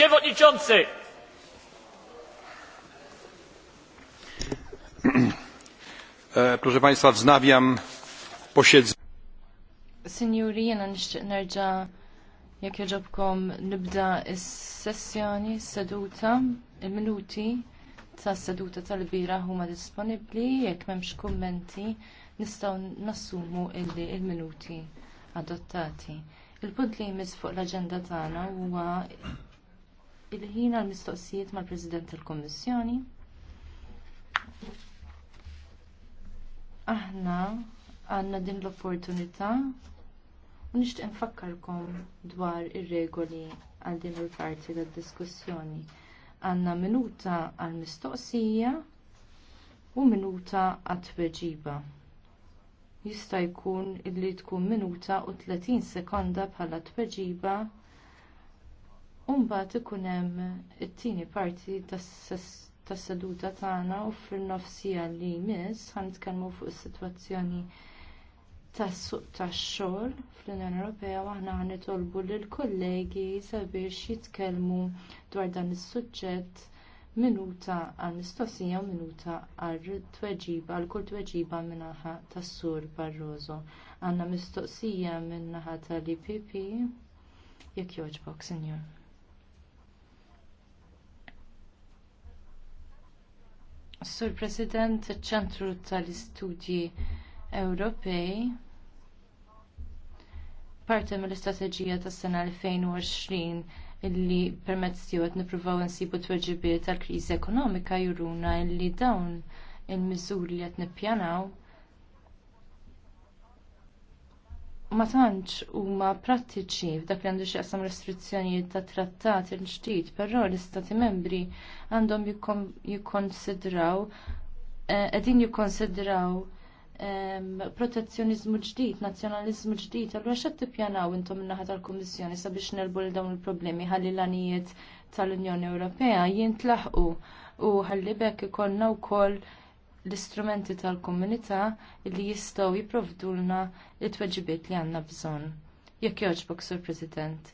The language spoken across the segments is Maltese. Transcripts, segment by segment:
Przewodniczący! E, proszę Państwa, wznawiam posiedzenie. Signori, jena nixtieq nerġa' jekk jogħġobkom nibda s-sessjoni seduta, il-minuti ta' seduta tal-bira huma disponibbli jekk m'hemmx kummenti nistgħu nassumu illi il-minuti adottati. Il-punt li jmiss fuq l agenda tagħna huwa bil-ħin għal mistoqsijiet mal-President tal-Kommissjoni. Aħna għanna din l-opportunità u nixtieq nfakkarkom dwar ir-regoli għal din il-parti tad-diskussjoni. Għanna minuta għal mistoqsija u minuta għat tweġiba. Jista' jkun illi tkun minuta u 30 sekonda bħala tweġiba Umbat hemm it tieni parti tas seduta tagħna u fin nofsija li jmiss ħanitkellmu fuq is-sitwazzjoni tas-suq tax-xogħol fl-Unjoni Ewropea u aħna nitolbu lill kollegi sabiex jitkellmu dwar dan is-suġġett minuta għal mistoqsija u minuta għal tweġiba għal kull tweġiba min-naħa tas-sur Barroso. Għandna mistoqsija min-naħa tal-IPP jekk jogħġbok, sinjur. Sur President, ċentru tal-Istudji Ewropej parti mill-istrateġija tas-sena 2020 illi permezz tiegħu qed nippruvaw insibu tweġibiet tal-kriżi ekonomika juruna illi dawn il-miżuri li qed nippjanaw ma tantx huma prattiċi f'dak li għandu x'jaqsam restrizzjonijiet ta' trattat il-ġdid, però l-istati membri għandhom jikkonsidraw eh, qegħdin jikkonsidraw ehm, protezzjonizmu ġdid, nazzjonaliżmu ġdid, allura x'qed tippjanaw intom min-naħa tal-Kummissjoni sabiex nelbu l dawn il-problemi ħalli l-anijiet tal-Unjoni Ewropea jintlaħqu u ħalli bekk ikollna wkoll l-istrumenti tal-komunità li jistgħu jipprovdulna it-tweġibiet li għandna bżonn. Jekk jogħġbok, Sur President,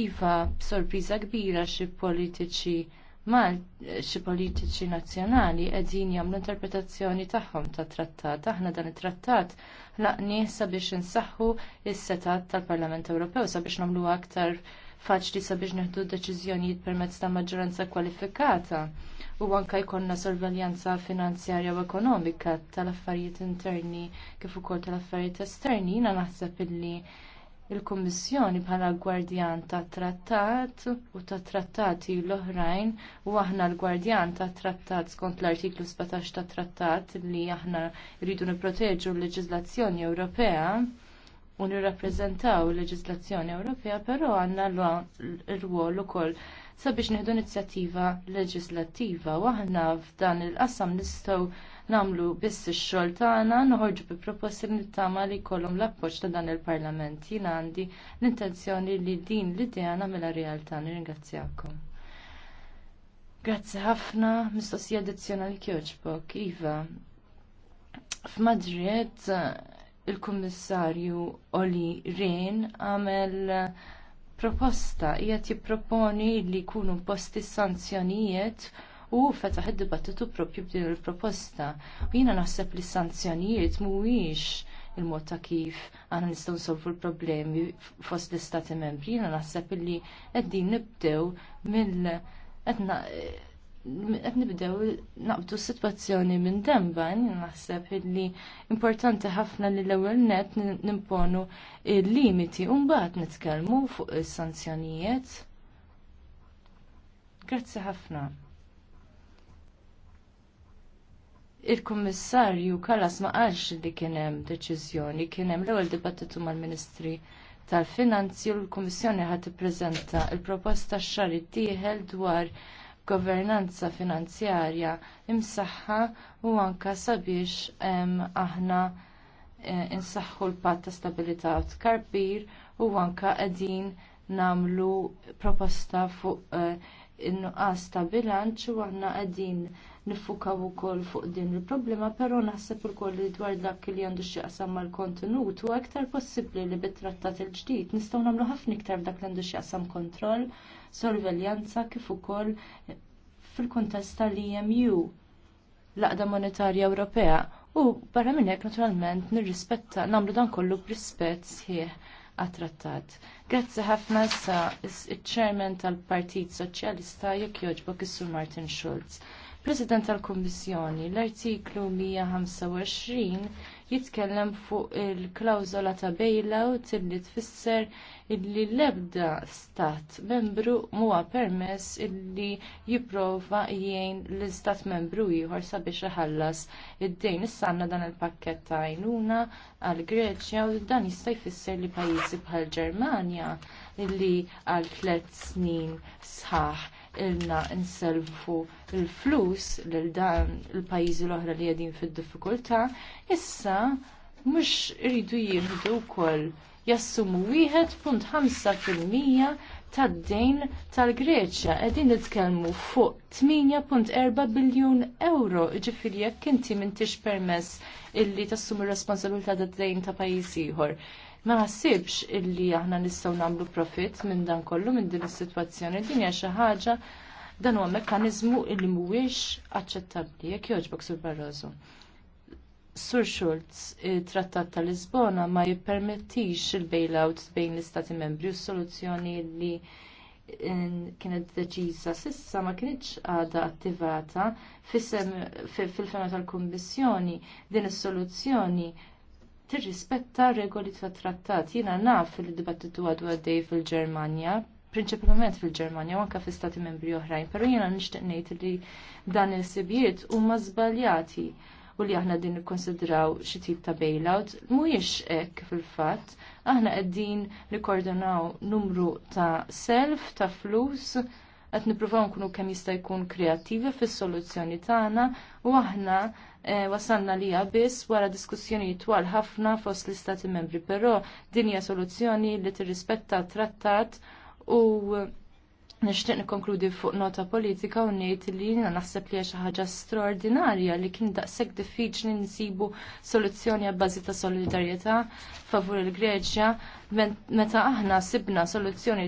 iva b'sorpriża kbira xi politiċi ma xi politiċi nazzjonali qegħdin jagħmlu interpretazzjoni tagħhom tat trattat. Aħna dan it-trattat laqni sabiex insaħħu is-setat tal-Parlament Ewropew sabiex nagħmlu aktar faċli sabiex neħdu deċiżjonijiet permezz ta' maġġoranza kwalifikata u anka jkollna sorveljanza finanzjarja u ekonomika tal-affarijiet interni kif ukoll tal-affarijiet esterni jiena naħseb illi il-Kummissjoni bħala gwardjan tat trattat u tat trattati l-oħrajn u aħna l-gwardjan tat trattat skont l-artiklu 17 tat trattat li aħna rridu nipproteġu l leġizlazzjoni Ewropea u nirrappreżentaw il leġizlazzjoni Ewropea, però għandna l-rwol ukoll sabiex nieħdu inizjattiva leġislattiva u aħna f'dan il-qasam nistgħu nagħmlu biss ix-xogħol tagħna noħorġu bi proposti li nittama li jkollhom l-appoġġ ta' dan il-Parlament. Jien għandi l-intenzjoni li din l-idea nagħmilha realtà nirringrazzjakom. Grazzi ħafna, mistoqsija addizzjonali kjoġbok, Iva. F'Madrid il-Kummissarju Oli Rehn għamel proposta hija jipproponi li jkunu posti sanzjonijiet u fetaħ id-dibattitu propju b'din il-proposta. U jiena naħseb li sanzjonijiet mhuwiex il-mod ta' kif għana nistgħu nsolvu l-problemi fost l-istati membri, jiena naħseb li għeddin nibdew mill qed nibdew naqbdu s-sitwazzjoni minn demban, naħseb illi importanti ħafna li l-ewwel net nimponu il-limiti u mbagħad nitkellmu fuq is-sanzjonijiet. Grazzi ħafna. Il-Kummissarju kalas ma qalx li kien hemm deċiżjoni, kien hemm l-ewwel dibattitu mal-Ministri tal-Finanzi u l-Kummissjoni ħad tippreżenta l proposta x-xahar dwar governanza finanzjarja imsaħħa u anke sabiex aħna e, insaħħu l-patt ta' stabilità u u anke qegħdin nagħmlu proposta fuq e, in-nuqqas ta' bilanċ u aħna qegħdin niffukaw ukoll fuq din il-problema, però naħseb ukoll li dwar dak li għandu x'jaqsam mal-kontenut u aktar possibbli li bit-trattat il-ġdid nistgħu nagħmlu ħafna iktar dak li għandu x'jaqsam kontroll sorveljanza kif ukoll fil-kuntest tal-EMU l-aqda monetarja Ewropea u barra minn hekk naturalment nirrispetta nagħmlu dan kollu b'rispett sħiħ għat-trattat. Grazzi ħafna sa il-ċermen tal-Partit Soċjalista jekk jogħġbok is-Sur Martin Schulz. President tal-Kummissjoni, l-artiklu 125 jitkellem fuq il-klawżola ta' bailout illi tfisser illi l-ebda stat membru huwa permess illi jipprova jgħin l-istat membru ieħor sabiex iħallas id-dejn. Issa għandna dan il-pakket ta' għajnuna għall Greċja u dan jista' jfisser li pajjiżi bħal Ġermanja illi għal tliet snin sħaħ ilna inselfu il-flus lil dan il-pajjiżi l-oħra li qegħdin fid-diffikultà, issa mhux iridu jieħdu wkoll jassumu wieħed punt ħamsa fil-mija tad-dejn tal-Greċja qegħdin nitkellmu fuq 8.4 biljun euro, ġifieri jekk inti m'intix permess illi tassumu r responsabilità tad-dejn ta' pajjiż ieħor ma naħsibx illi aħna nistgħu nagħmlu profit minn dan kollu minn din is-sitwazzjoni din hija xi ħaġa dan huwa mekkaniżmu illi mhuwiex aċċettabbli jekk jogħġbok sur Barroso. Sur Schultz, it-Trattat ta' Lisbona ma jippermettix il-bailout bejn l-Istati membri u s-soluzzjoni li eh, kienet deċiża sissa ma kienx għada attivata fil-fema tal-Kummissjoni din is-soluzzjoni tirrispetta regoli tat trattat. Jiena naf il-dibattitu għadu għaddej fil-Ġermanja, prinċipalment fil-Ġermanja u anke fil stati membri oħrajn, però jiena nixtieq ngħid li dan il-sibijiet huma żbaljati u li aħna din nikkonsidraw xi tip ta' bailout, mhuwiex hekk fil-fatt, aħna qegħdin nikkordonaw numru ta' self ta' flus qed nippruvaw nkunu kemm jista' jkun kreattivi fis-soluzzjoni tagħna u aħna e, wasalna li biss wara diskussjoni twal ħafna fost l-Istati Membri, però din hija soluzzjoni li tirrispetta trattat u nixtieq nikkonkludi fuq nota politika u ngħid li jiena naħseb li xi ħaġa straordinarja li kien daqshekk diffiċli nsibu soluzzjoni għabbażi ta' solidarjetà favur il-Greċja meta aħna sibna soluzzjoni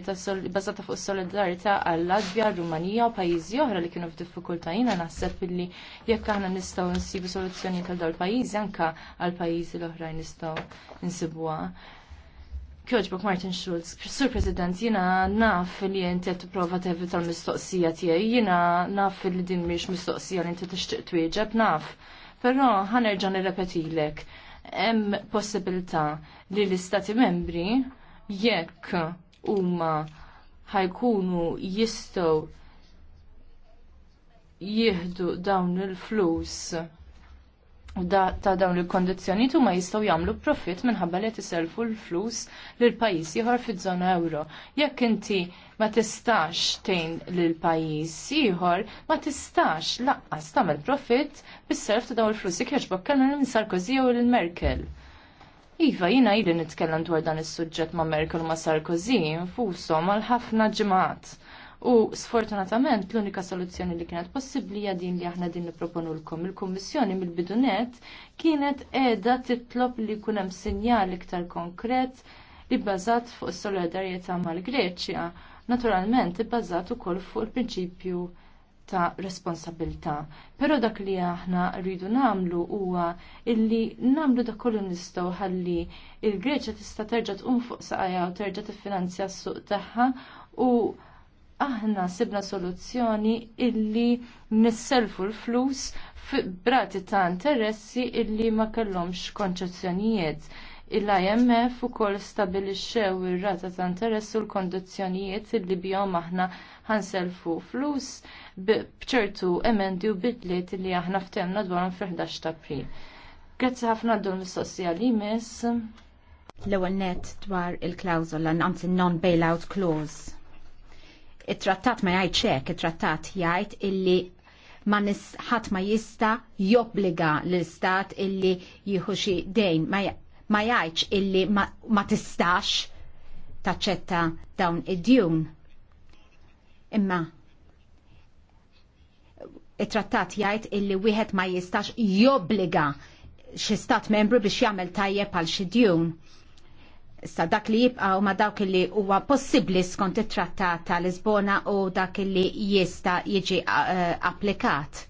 bazzata fuq solidarità għal Latvja, Rumanija u pajjiżi oħra li kienu f'diffikultà jiena naħseb illi jekk aħna nistgħu nsibu soluzzjoni tal dawl pajjiżi anke għal pajjiżi l-oħrajn nistgħu nsibuha. Kjoġbok Martin Schulz, Sur President, jina naf li jinti t-prova tevita l-mistoqsija tijaj, jina naf li din mistoqsija li jinti t-ixtiq twieġeb, naf. Pero ħanerġan nirrepetilek. repetilek hemm possibilità li l-istati membri jekk huma ħajkunu jistgħu jieħdu dawn il-flus da, ta' dawn il kondizzjonijiet huma jistgħu jagħmlu profitt minħabba li tiselfu l-flus l pajjiż ieħor fiż-żona euro. Jekk inti ma tistax tgħin lil pajjiż ieħor, ma tistax laqqas tagħmel profitt bis-self ta' dawn il-flus jekk jaġbok kellna lil Sarkozy u lil Merkel. Iva, jina ili nitkellem dwar dan is-suġġett ma' Merkel u ma' Sarkozy, infushom għal ħafna ġimgħat U sfortunatament l-unika soluzzjoni li kienet possibbli din li aħna din nipproponulkom. Il-Kummissjoni mill-bidunet kienet qiegħda titlob li jkun hemm sinjal iktar konkret li bbażat fuq is-solidarjetà mal-Greċja, naturalment ibbażat ukoll fuq il-prinċipju ta' responsabilità. Però dak li aħna rridu namlu huwa illi namlu dak kollu nistgħu ħalli il-Greċja tista' terġa' tqum fuq saqajja u terġa' tiffinanzja s-suq tagħha u aħna sibna soluzzjoni illi nisselfu l-flus brati ta' interessi illi ma kellhomx konċezzjonijiet. Il-IMF ukoll stabilixxew ir-rata ta' interess u l-kondizzjonijiet illi bihom aħna ħanselfu flus bċertu emendi u bidliet illi aħna ftemna dwarhom fil-11 ta' April. Grazzi ħafna d-dun mis li miss. L-ewwel net dwar il-klawżola, anzi non-bailout clause it-trattat ma jgħid xek, it-trattat jgħid illi ma nisħat ma jista jobbliga l-istat illi jieħu xi dejn ma jgħidx illi ma, ma tistax taċċetta dawn id-djun. Imma it-trattat jgħid illi wieħed ma jistax jobbliga xi stat membru biex jagħmel tajjeb għal xi djun Issa dak li jibqa' u ma dawk li huwa possibbli skont it-trattat ta' Lisbona u dak li jista' jiġi e, applikat.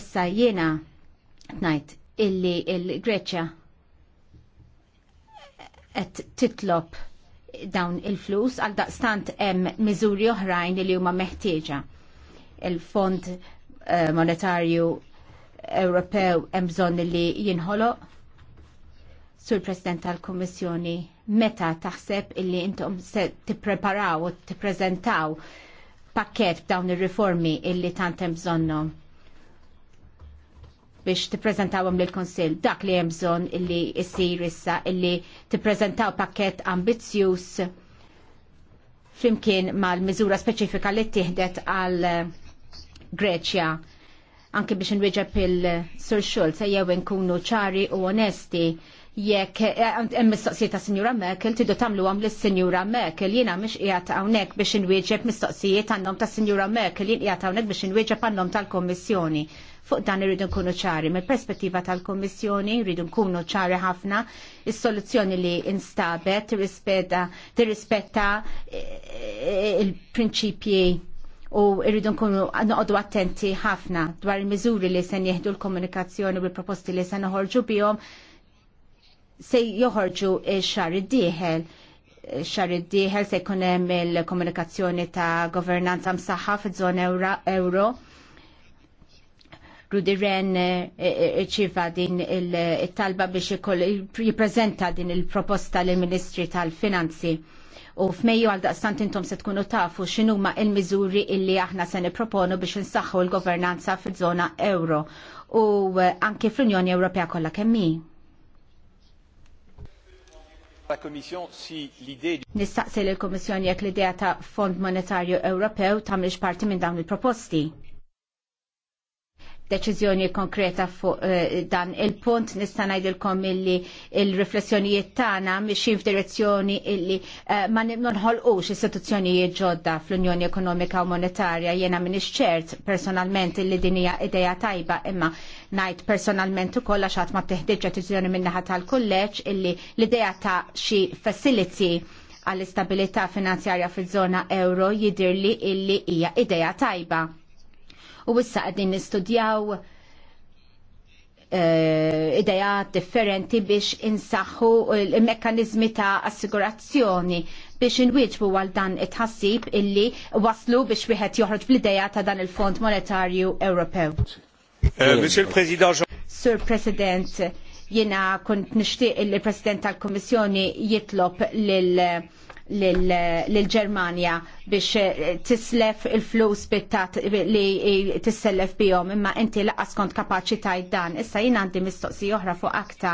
Issa jiena ngħid illi il-Greċja qed titlob dawn il-flus għal daqstant hemm miżuri oħrajn li huma meħtieġa. Il-Fond e, Monetarju Ewropew hemm bżonn li jinħoloq Sur President tal-Kommissjoni, meta taħseb illi intom se tippreparaw u tippreżentaw pakket b'dawn ir-riformi illi tantem bżonnhom biex tippreżentawhom lil konsil dak li hemm bżonn illi jsir issa illi tippreżentaw pakket ambizzjuż flimkien mal-miżura speċifika li tieħdet għal eh, Greċja anke biex inwieġeb il-Sur Schulz jew nkunu ċari u onesti jekk eh, hemm mistoqsija ta' Sinjura Merkel tidu tagħmlu għam lis-Sinjura Merkel jiena mhix qiegħed hawnhekk biex inwieġeb mistoqsijiet għandhom ta' Sinjura Merkel jien qiegħed hawnhekk biex inwieġeb għandhom tal-Kommissjoni. Fuq dan irridu nkunu ċari, mill-perspettiva tal-Kommissjoni rridu nkunu ċari ħafna is-soluzzjoni li instabet tirrispetta eh, il-prinċipji u irridu nkunu noqogħdu attenti ħafna dwar il-miżuri li se nieħdu l-komunikazzjoni u l-proposti li se noħorġu bihom se joħorġu eh, xar id-dieħel eh, xar id-dieħel se jkun hemm il-komunikazzjoni ta' governanza msaħħa fil żona euro. Rudi Ren eh, ċiva din il-talba biex jippreżenta din il-proposta lill ministri tal-Finanzi. U f'Mejju għal daqstant intom se tkunu tafu x'inhuma il-miżuri illi aħna se nipproponu biex insaħħu l-governanza fil żona euro u anke fl-Unjoni Ewropea kollha kemm Nistaqsi l-Komissjoni jekk l-idea ta' Fond Monetarju Ewropew tamilx parti minn dawn il-proposti deċiżjoni konkreta fuq eh, dan il-punt nista' ngħidilkom illi il-riflessjonijiet tagħna mixin f'direzzjoni illi eh, ma nħolqux istituzzjonijiet ġodda fl-Unjoni Ekonomika u Monetarja jiena m'iniex ċert personalment illi din hija idea tajba imma ngħid personalment ukoll għax ma teħdiġ deċiżjoni min-naħa tal-kulleġġ illi l-idea ta' xi facility għall-istabilità finanzjarja fil-żona euro jidirli illi hija idea tajba u issa qegħdin nistudjaw uh, idejat differenti biex insaħħu il-mekkanizmi ta' assigurazzjoni biex inwieġbu għal dan it-ħassib illi waslu biex wieħed joħroġ bl-ideja ta' dan il-Fond Monetarju Ewropew. Eh, President, Sur President, jena kont nishtiq il-President tal-Kommissjoni jitlob lil l-Germania biex eh, tislef il-flus bittat li tissellef bihom imma inti laqas kont kapaċi tajt dan. Issa jien għandi mistoqsi oħra fuq akta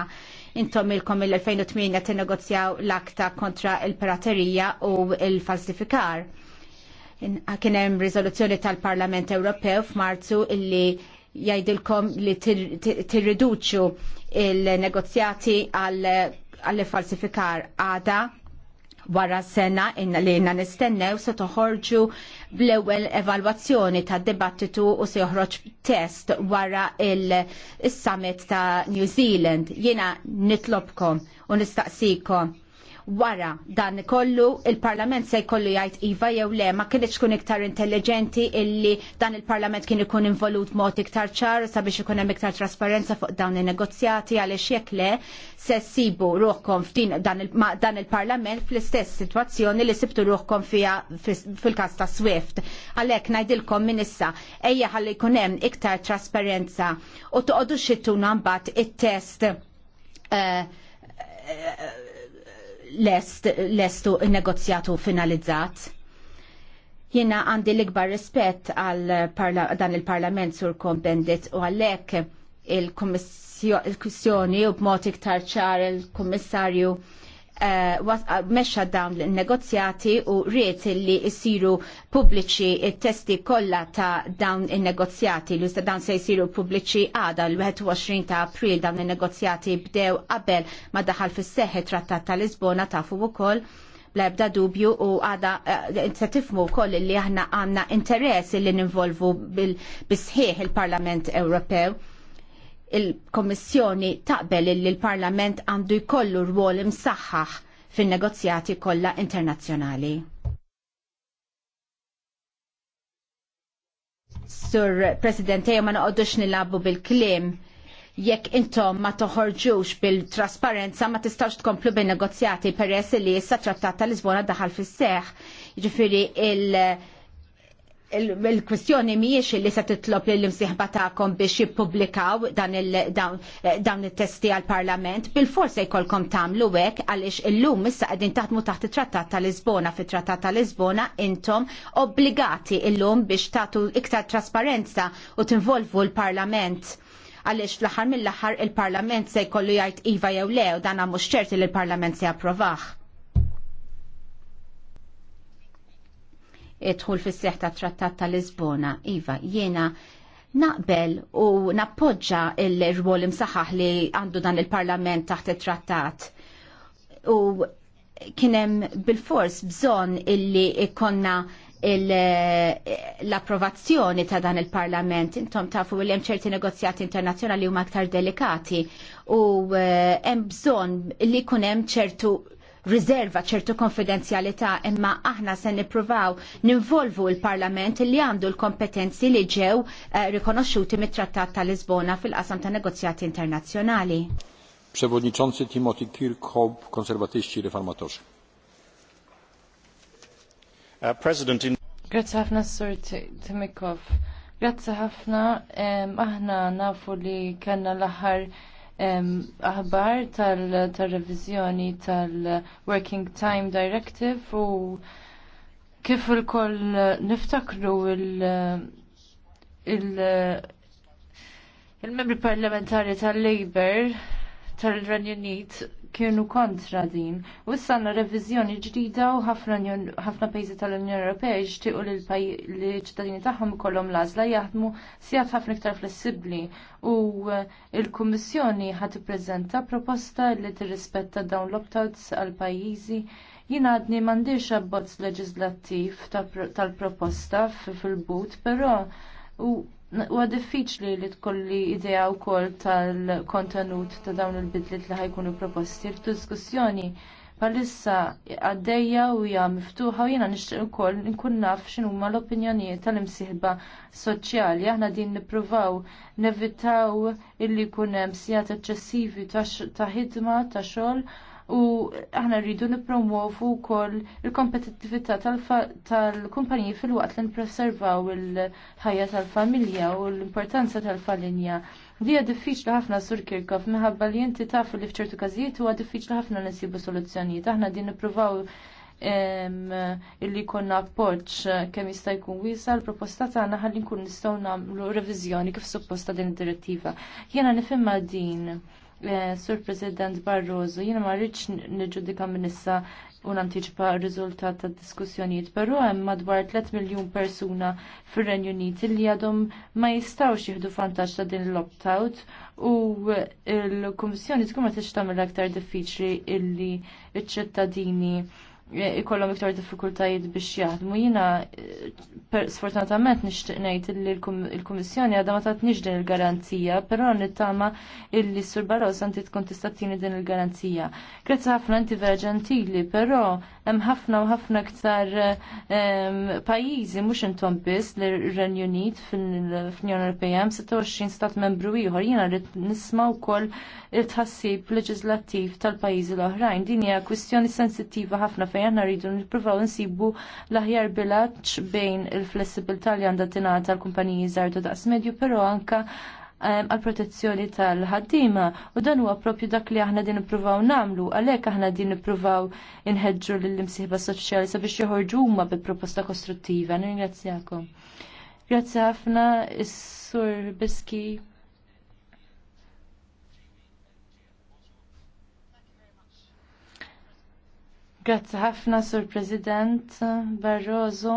intom ilkom il-2008 tinnegozjaw l-akta kontra il-piraterija u il-falsifikar. Kien hemm riżoluzzjoni tal-Parlament Ewropew f'Marzu illi jgħidilkom li tirriduċu il-negozjati għall-falsifikar għada wara sena inna li inna nistennew se toħorġu bl-ewwel evalwazzjoni ta' dibattitu u se joħroġ test wara il-summit ta' New Zealand. Jiena nitlobkom u nistaqsikom wara dan kollu il-Parlament se jkollu jgħid iva jew le ma kienx kun iktar intelligenti illi dan il-Parlament kien ikun involut mod iktar ċar sabiex ikun hemm iktar trasparenza fuq dawn in-negozjati għaliex jekk le se sibu ruħkom f'din dan il-Parlament fl-istess sitwazzjoni li sibtu ruhkom fiha fil-każ ta' Swift. Għalhekk ngħidilkom minn issa ejja ħalli jkun hemm iktar trasparenza u toqgħodu xittuna mbagħad it-test eh, lestu negozjatu finalizzat. Jiena għandi l-ikbar rispett għal dan il-parlament sur kompendit u għallek il-kommissjoni u b'mod iktar ċar il-kommissarju il kommissjoni u b'mod iktar ċar il kommissarju il iktar ċar il kommissarju Eh, ah, meċċa dawn il-negozjati u riet li jisiru pubbliċi il-testi kollha ta' dawn il-negozjati li sta' dan se jisiru pubbliċi għada l-21 ta' april dawn il-negozjati bdew qabel ma daħal fis seħħi trattat ta' Lisbona ta' fuq ukoll ebda dubju u għada eh, se tifmu koll li aħna għanna interess li ninvolvu bil-sħiħ il-Parlament Ewropew il-Kommissjoni taqbel li l-Parlament għandu jkollu rwol imsaħħaħ fin-negozjati kollha internazzjonali. Sur President, jew ma noqogħdux nilagħbu bil-kliem jekk intom ma toħorġux bil-trasparenza ma tistax tkomplu bin negozjati peress li issa trattat ta' Lisbona daħal fis seħħ Ġifiri il- il-kwistjoni mhijiex li se titlob l imsieħba tagħkom biex jippubblikaw eh, dawn it-testi għall parlament bil-fors se jkollkom tagħmlu hekk għaliex illum issa qegħdin taħtmu taħt it-Trattat tal Lisbona fit-Trattat tal Lisbona intom obbligati il-lum biex tagħtu iktar trasparenza u tinvolvu l-Parlament għaliex fl-aħħar mill-aħħar il-Parlament se jkollu jgħid iva jew le u dan mhux ċerti li l-Parlament se japprovaħ idħul fis seħta trattat ta' Lisbona. Iva, jiena naqbel u nappoġġa il-rwol imsaħħaħ li għandu dan il-parlament taħt it-trattat. U kienem bil-fors bżon illi ikonna l-approvazzjoni ta' dan il-parlament. Intom tafu li hemm ċerti negozjati internazzjonali huma aktar delikati u eh, hemm bżonn li jkun hemm ċertu Rizerva ċertu konfidenzjalità imma aħna se nippruvaw ninvolvu l-Parlament li għandu l-kompetenzi li ġew eh, rikonoxxuti mit-Trattat ta' Lisbona fil-qasam ta' negozjati internazzjonali. Przewodniczący Timothy Kirkhope, konserwatyści reformatorzy. Uh, Grazie ħafna Sir Timikov. Grazie ħafna, aħna nafu li kellna l-aħħar aħbar tal-revizjoni tal-Working Time Directive u kif il-koll niftakru il-membri parlamentari tal-Labor tal-Renju kienu kontra din. U s-sanna revizjoni ġdida u ħafna pejzi tal-Unjoni Ewropea jixtiequ li ċittadini tagħhom ikollhom l-għażla jaħdmu sigħat ħafna iktar flessibbli u eh, l-Kummissjoni ħat prezenta proposta li tirrispetta dawn l optouts għal pajjiżi jina għadni mandiċ abbozz leġislattiv tal-proposta fil-but, pero u Huwa diffiċli li tkolli idea wkoll tal-kontenut ta' dawn il-bidliet li ħajkunu proposti. Il-diskussjoni bħalissa għaddejja u hija miftuħa u jiena nixtieq ukoll nkun naf x'inhuma l-opinjonijiet tal-imsieħba soċjali. Aħna din nippruvaw nevitaw illi jkun hemm sigħat eċċessivi ta' ħidma ta' xogħol u aħna rridu nipromovu wkoll il-kompetittività tal-kumpaniji fil-waqt li nipreservaw il-ħajja tal-familja u l-importanza tal-falinja. Li għad diffiċli ħafna sur Kirkov minħabba li inti taf li f'ċertu każijiet huwa diffiċli ħafna nisibu soluzzjonijiet. Aħna din nippruvaw illi konna appoċ kemm jista' jkun wiesa l-proposta tagħna ħalli nkun nistgħu nagħmlu reviżjoni kif supposta din id-direttiva. Jiena nifhimma din Eh, Sur President Barroso, jiena ma rridx niġġudika minissa u nantiċpa r-riżultat ta' diskussjonijiet, però hemm madwar 3 miljun persuna fir-Renju Unit li għadhom ma jistgħux jieħdu fantax ta' din l-opt-out u l-Kummissjoni tkun ma tagħmel aktar diffiċli illi ċ-ċittadini ikollhom iktar diffikultajiet biex jaħdmu. Jiena eh, sfortunatament nixtieq ngħid li l-Kummissjoni għadha ma tatniex din il-garanzija, però nittama illi Sur Barroso inti tkun tista' tini din il-garanzija. Grazzi ħafna inti vera ġentili, però hemm ħafna u ħafna iktar ehm, pajjiżi mhux intom biss li renju Unit fl-Unjoni Ewropea hemm 26 stat membru ieħor jiena rrid nisma' wkoll il-tħassib leġislattiv tal-pajjiżi l-oħrajn. Din hija kwistjoni sensittiva ħafna fejn Ewropej għandna rridu nippruvaw insibu l-aħjar bilanċ bejn il-flessibilità li għandha tingħata l-kumpaniji żgħar ta' daqs medju, però anka ehm, għal protezzjoni tal-ħaddima u dan huwa propju dak li aħna din nippruvaw namlu għalhekk aħna din nippruvaw inħeġġu lill-imsieħba soċjali sabiex joħorġu huma bi proposta kostruttiva. Nirringrazzjakom. Grazzi ħafna is-Sur Biski. Grazzi ħafna, Sur President Barroso.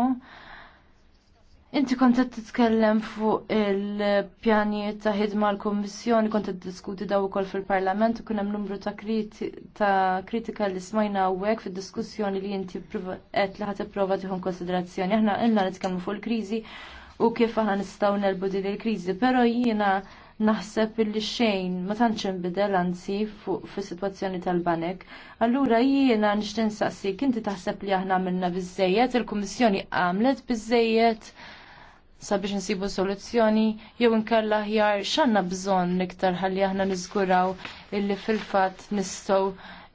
Inti kont qed titkellem fuq il-pjanijiet ta' ħidma l-Kummissjoni, kont qed diskuti daw ukoll fil-Parlament u hemm numru ta' ta' kritika li smajna hawnhekk fid-diskussjoni li inti qed li ħadd ipprova tieħu konsiderazzjoni. Aħna ilna nitkellmu fuq il-kriżi u kif aħna nistgħu nelbu din il-kriżi, però jiena naħseb illi xejn ma tantx inbidel anzi fuq fis-sitwazzjoni tal-banek. Allura jiena nixtieq nsaqsik inti taħseb li aħna għamilna biżejjed, il-Kummissjoni għamlet biżejjed sabiex nsibu soluzzjoni jew inkella aħjar x'għandna bżonn iktar ħalli aħna niżguraw illi fil-fatt nistgħu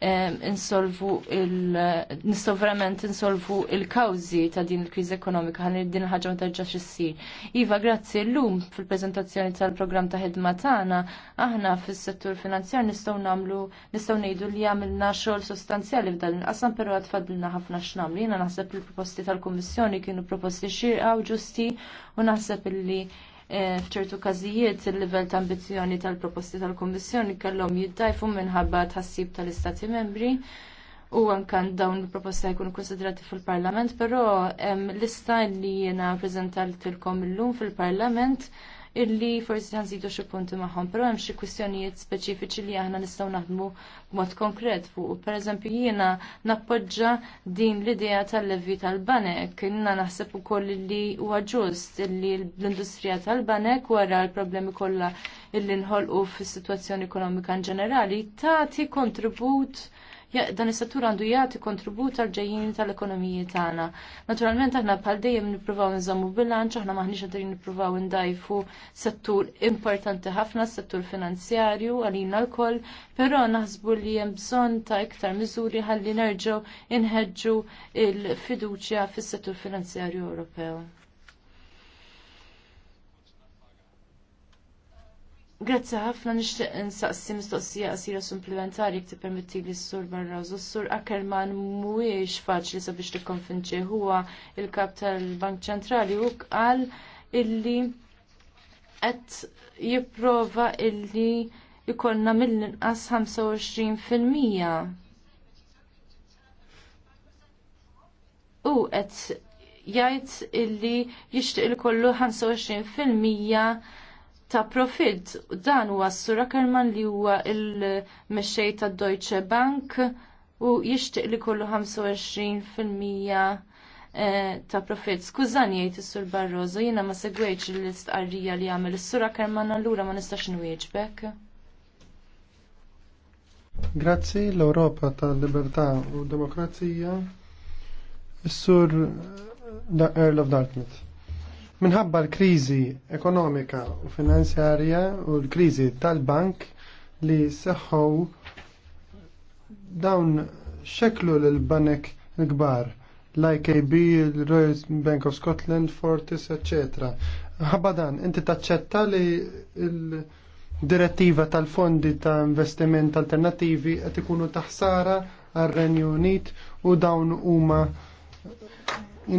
insolvu nistgħu verament insolvu il-kawżi ta' din il-kriżi ekonomika ħalli din ħaġa ma terġax issir. Iva, grazzi llum fil-preżentazzjoni tal-programm ta' ħidma tagħna aħna fis-settur finanzjar nistgħu nagħmlu nistgħu ngħidu li għamilna xogħol sostanzjali f'dan il-qasam però tfadlilna ħafna x'nagħmlu. Jiena naħseb il-proposti tal-Kummissjoni kienu proposti xirqa u ġusti u naħseb illi Eh, fċertu każijiet il-livell ta' ambizzjoni tal-proposti tal-Kummissjoni kellhom jiddajfu minħabba tħassib tal-Istati membri u għankan dawn il-proposta jkunu konsiderati fil-Parlament, però lista li jena il illum fil-Parlament illi forsi ħanżidu xi punti magħhom, però hemm xi kwistjonijiet speċifiċi li aħna nistgħu naħdmu b'mod konkret fuq. Pereżempju jiena nappoġġa din l-idea tal-levi tal-banek, jiena naħseb ukoll li huwa ġust illi l-industrija tal-banek wara l-problemi kollha illi nħolqu fis-sitwazzjoni ekonomika in ġenerali tagħti kontribut dan is-settur għandu jagħti kontribut għal ġejjin tal-ekonomiji tagħna. Naturalment aħna bħal dejjem nippruvaw nżommu bilanċ, aħna maħniex qegħdin nippruvaw ndajfu settur importanti ħafna, settur finanzjarju għalina l-koll, però naħsbu li hemm bżonn ta' iktar miżuri ħalli nerġgħu inħeġġu il-fiduċja fis-settur finanzjarju Ewropew. Grazzi ħafna nixtieq insaqsi mistoqsija qasira supplementari jekk tippermetti li s-sur Barroso. S-sur Ackerman mhuwiex faċli sabiex tikkonfinċi huwa il-kap tal-Bank Ċentrali u qal illi qed jipprova illi jkollna mill-inqas 25%. U qed jgħid illi jixtieq il kollu 25% ta' profit. Dan huwa s-sura Kerman li huwa il-mexxej ta' Deutsche Bank u jixtieq li kollu 25% eh, ta' profit. Skużani jgħid is-sur Barroso, jiena ma segwejx l-istqarrija li għamel is-sura Kerman allura ma nistax nwieġbek. Grazzi l-Europa tal-Libertà u Demokrazija, is-sur eh, Earl of Dartmouth. Minħabba l-krizi ekonomika u finanzjarja u l-krizi tal-bank li seħħu dawn xeklu l-banek l-gbar l-IKB, l-Royal Bank of Scotland, Fortis, etc. Ħabba dan, inti taċċetta li l-direttiva tal-fondi ta' investiment alternativi qed ikunu taħsara għal-Renju Unit u dawn huma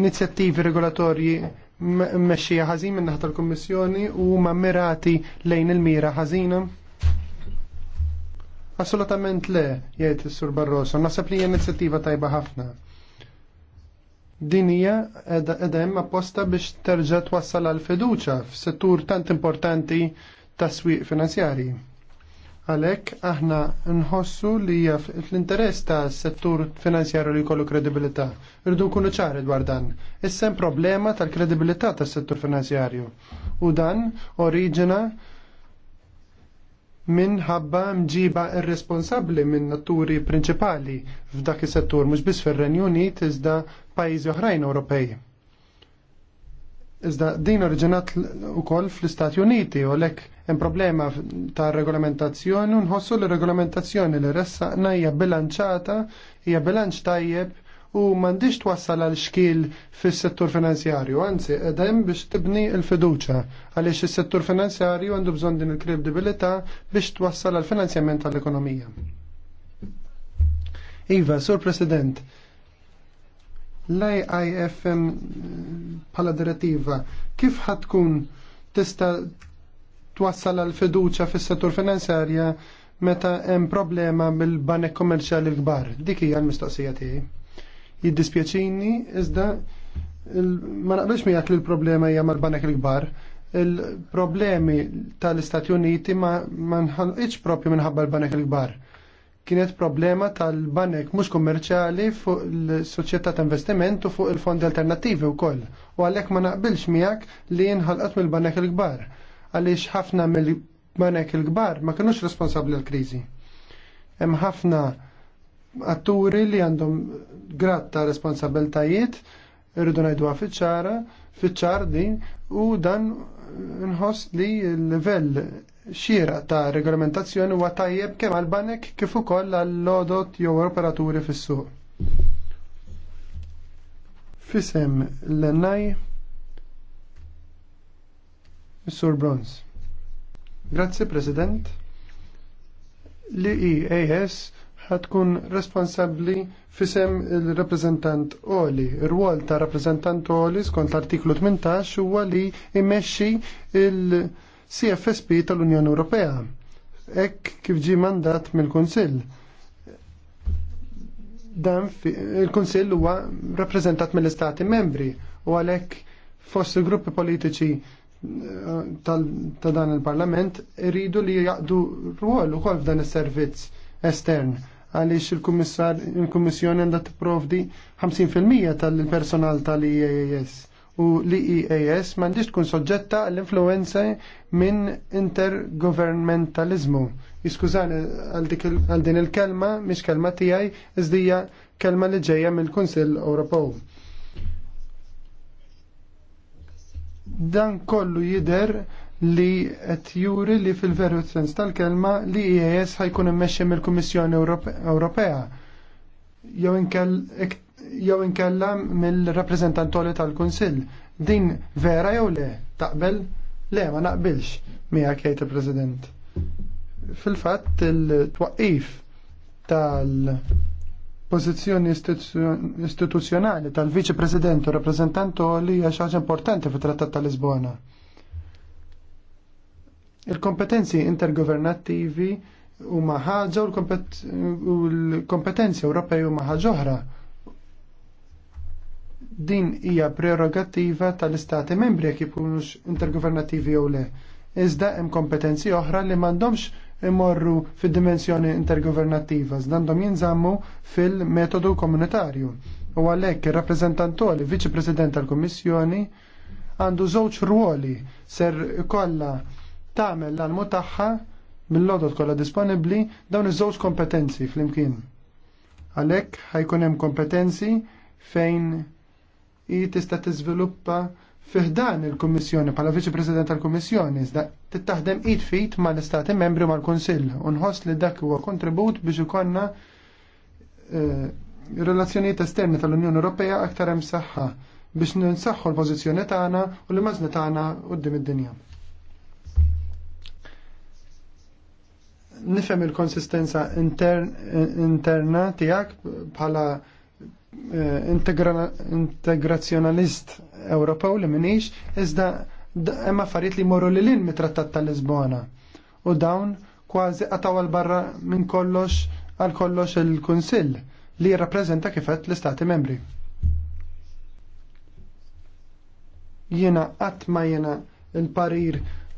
inizjattivi regolatorji mmexxija ħażin minn naħta l-Kummissjoni u ma mirati lejn il-mira ħażina? Assolutament le, jgħid is-Sur Barroso, naħseb li hija inizjattiva tajba ħafna. Din hija qiegħda hemm apposta biex terġa' twassal għall fiduċja f'settur tant importanti tas-swieq finanzjarji. Għalek, aħna nħossu li fl-interess ta' settur finanzjarju li jkollu kredibilità. Rridu nkunu ċari dwar dan. Issem problema tal-kredibilità tas settur finanzjarju. U dan oriġina minħabba mġiba irresponsabbli minn naturi prinċipali f'dak is-settur mhux biss fir-Renju Unit iżda pajjiżi oħrajn Ewropej. Iżda din oriġinat ukoll fl-Istati Uniti u lek Hemm problema ta' regolamentazzjoni u nħossu li regolamentazzjoni li ressaqna hija bilanċata, hija bilanċ tajjeb u m'għandix twassal għal xkil fis-settur finanzjarju, anzi qed biex tibni l-fiduċja għaliex is-settur finanzjarju għandu bżonn din il-kredibilità biex twassal għal finanzjament tal-ekonomija. Iva, Sur President, l-IIFM eh, pala direttiva, kif ħatkun tista twassal għal fiduċa fis-settur finanzjarja meta hemm problema bil-banek kommerċjali kbar. Dik hija l-mistoqsija tiegħi. Jiddispjaċini iżda ma naqbilx miegħek li l-problema hija mal-banek il-kbar. Il-problemi tal-Istati Uniti ma, ma nħalqitx propju minħabba l-banek il-kbar. Kienet problema tal-banek mhux kummerċjali fuq il-soċjetà ta' investiment u fuq il-fondi alternattivi wkoll. U għalhekk ma naqbilx miegħek li nħalqat mill-banek il-kbar għaliex ħafna mill-banek il-kbar ma kinux responsabbli l-kriżi. Hemm ħafna atturi li għandhom grat ta' responsabiltajiet irridu ngħidwa fiċċara, fiċċar din u dan nħoss li l-livell xira ta' regolamentazzjoni huwa tajjeb kemm għall banek kif ukoll għall-lodot jew operaturi fis-suq. Fisem l-naj Mr. Bronze. Grazzi, President. L-IAS e ħatkun responsabli fisem il-reprezentant Oli. Il-ruol ta' reprezentant Oli skont l-artiklu 18 huwa li imexxi il-CFSP tal-Unjoni Ewropea. Ek kif ġi mandat mill-Kunsill. Dan il-Kunsill huwa rappreżentat mill-Istati membri u għalhekk fossi gruppi politiċi ta' dan il-Parlament rridu li jaqdu rwol ukoll f'dan is-servizz estern għaliex il-Kummissjoni għandha tipprovdi 50% tal-personal tal-EAS u l-EAS m'għandix tkun soġġetta l-influenza minn intergovernmentalizmu. Iskużani għal din il-kelma, mhix kelma tiegħi, izdija kelma li ġejja mill-Kunsill Ewropew. Dan kollu jider li qed juri li fil-veru sens tal-kelma li IES e ħajkun immexxi mill-Kummissjoni Ewropea jew inkella mill-rappreżentantoli tal-Kunsill. Din vera jew le? Taqbel? Le, ma naqbilx Mija jgħid il-President. Fil-fatt il twaqif tal- pożizzjoni istituzzjonali tal-Viċi President u rappresentantu li hija xi ħaġa importanti fit-Trattat ta' Lisbona. Il-kompetenzi intergovernattivi huma ħaġa u l-kompetenzi Ewropej huma ħaġa oħra. Din hija prerogattiva tal-istati membri jekk jkunux intergovernattivi jew le. Iżda hemm kompetenzi oħra li m'għandhomx imorru fid-dimensjoni intergovernattiva, zdandom jinżammu fil-metodu komunitarju. U għalhekk ir-rappreżentantoli, viċi President tal-Kummissjoni, għandu żewġ ruoli ser kollha tagħmel l-almu tagħha mill-lodot kollha disponibbli dawn iż-żewġ kompetenzi flimkien. Għalhekk ħajkun hemm kompetenzi fejn i tista' tiżviluppa Fihdan il-Kummissjoni bħala Viċi President tal-Kummissjoni iżda taħdem id fit mal-Istati Membri mal-Kunsill u nħoss li dak huwa kontribut biex ikonna eh, relazzjonijiet esterni tal-Unjoni Ewropea aktar hemm saħħa biex ninsaħħu l-pożizzjoni tagħna u l mażni tagħna quddiem id-dinja. Nifhem il-konsistenza eh, interna tiegħek bħala Eh, integrazzjonalist Ewropew li minix, iżda emma affarijiet li morru li lin mit-Trattat tal-Lisbona. U dawn kważi qataw għal barra minn kollox għal kollox il-Kunsill li jirrappreżenta kifet l-Istati membri. Jiena qatt ma jiena il-parir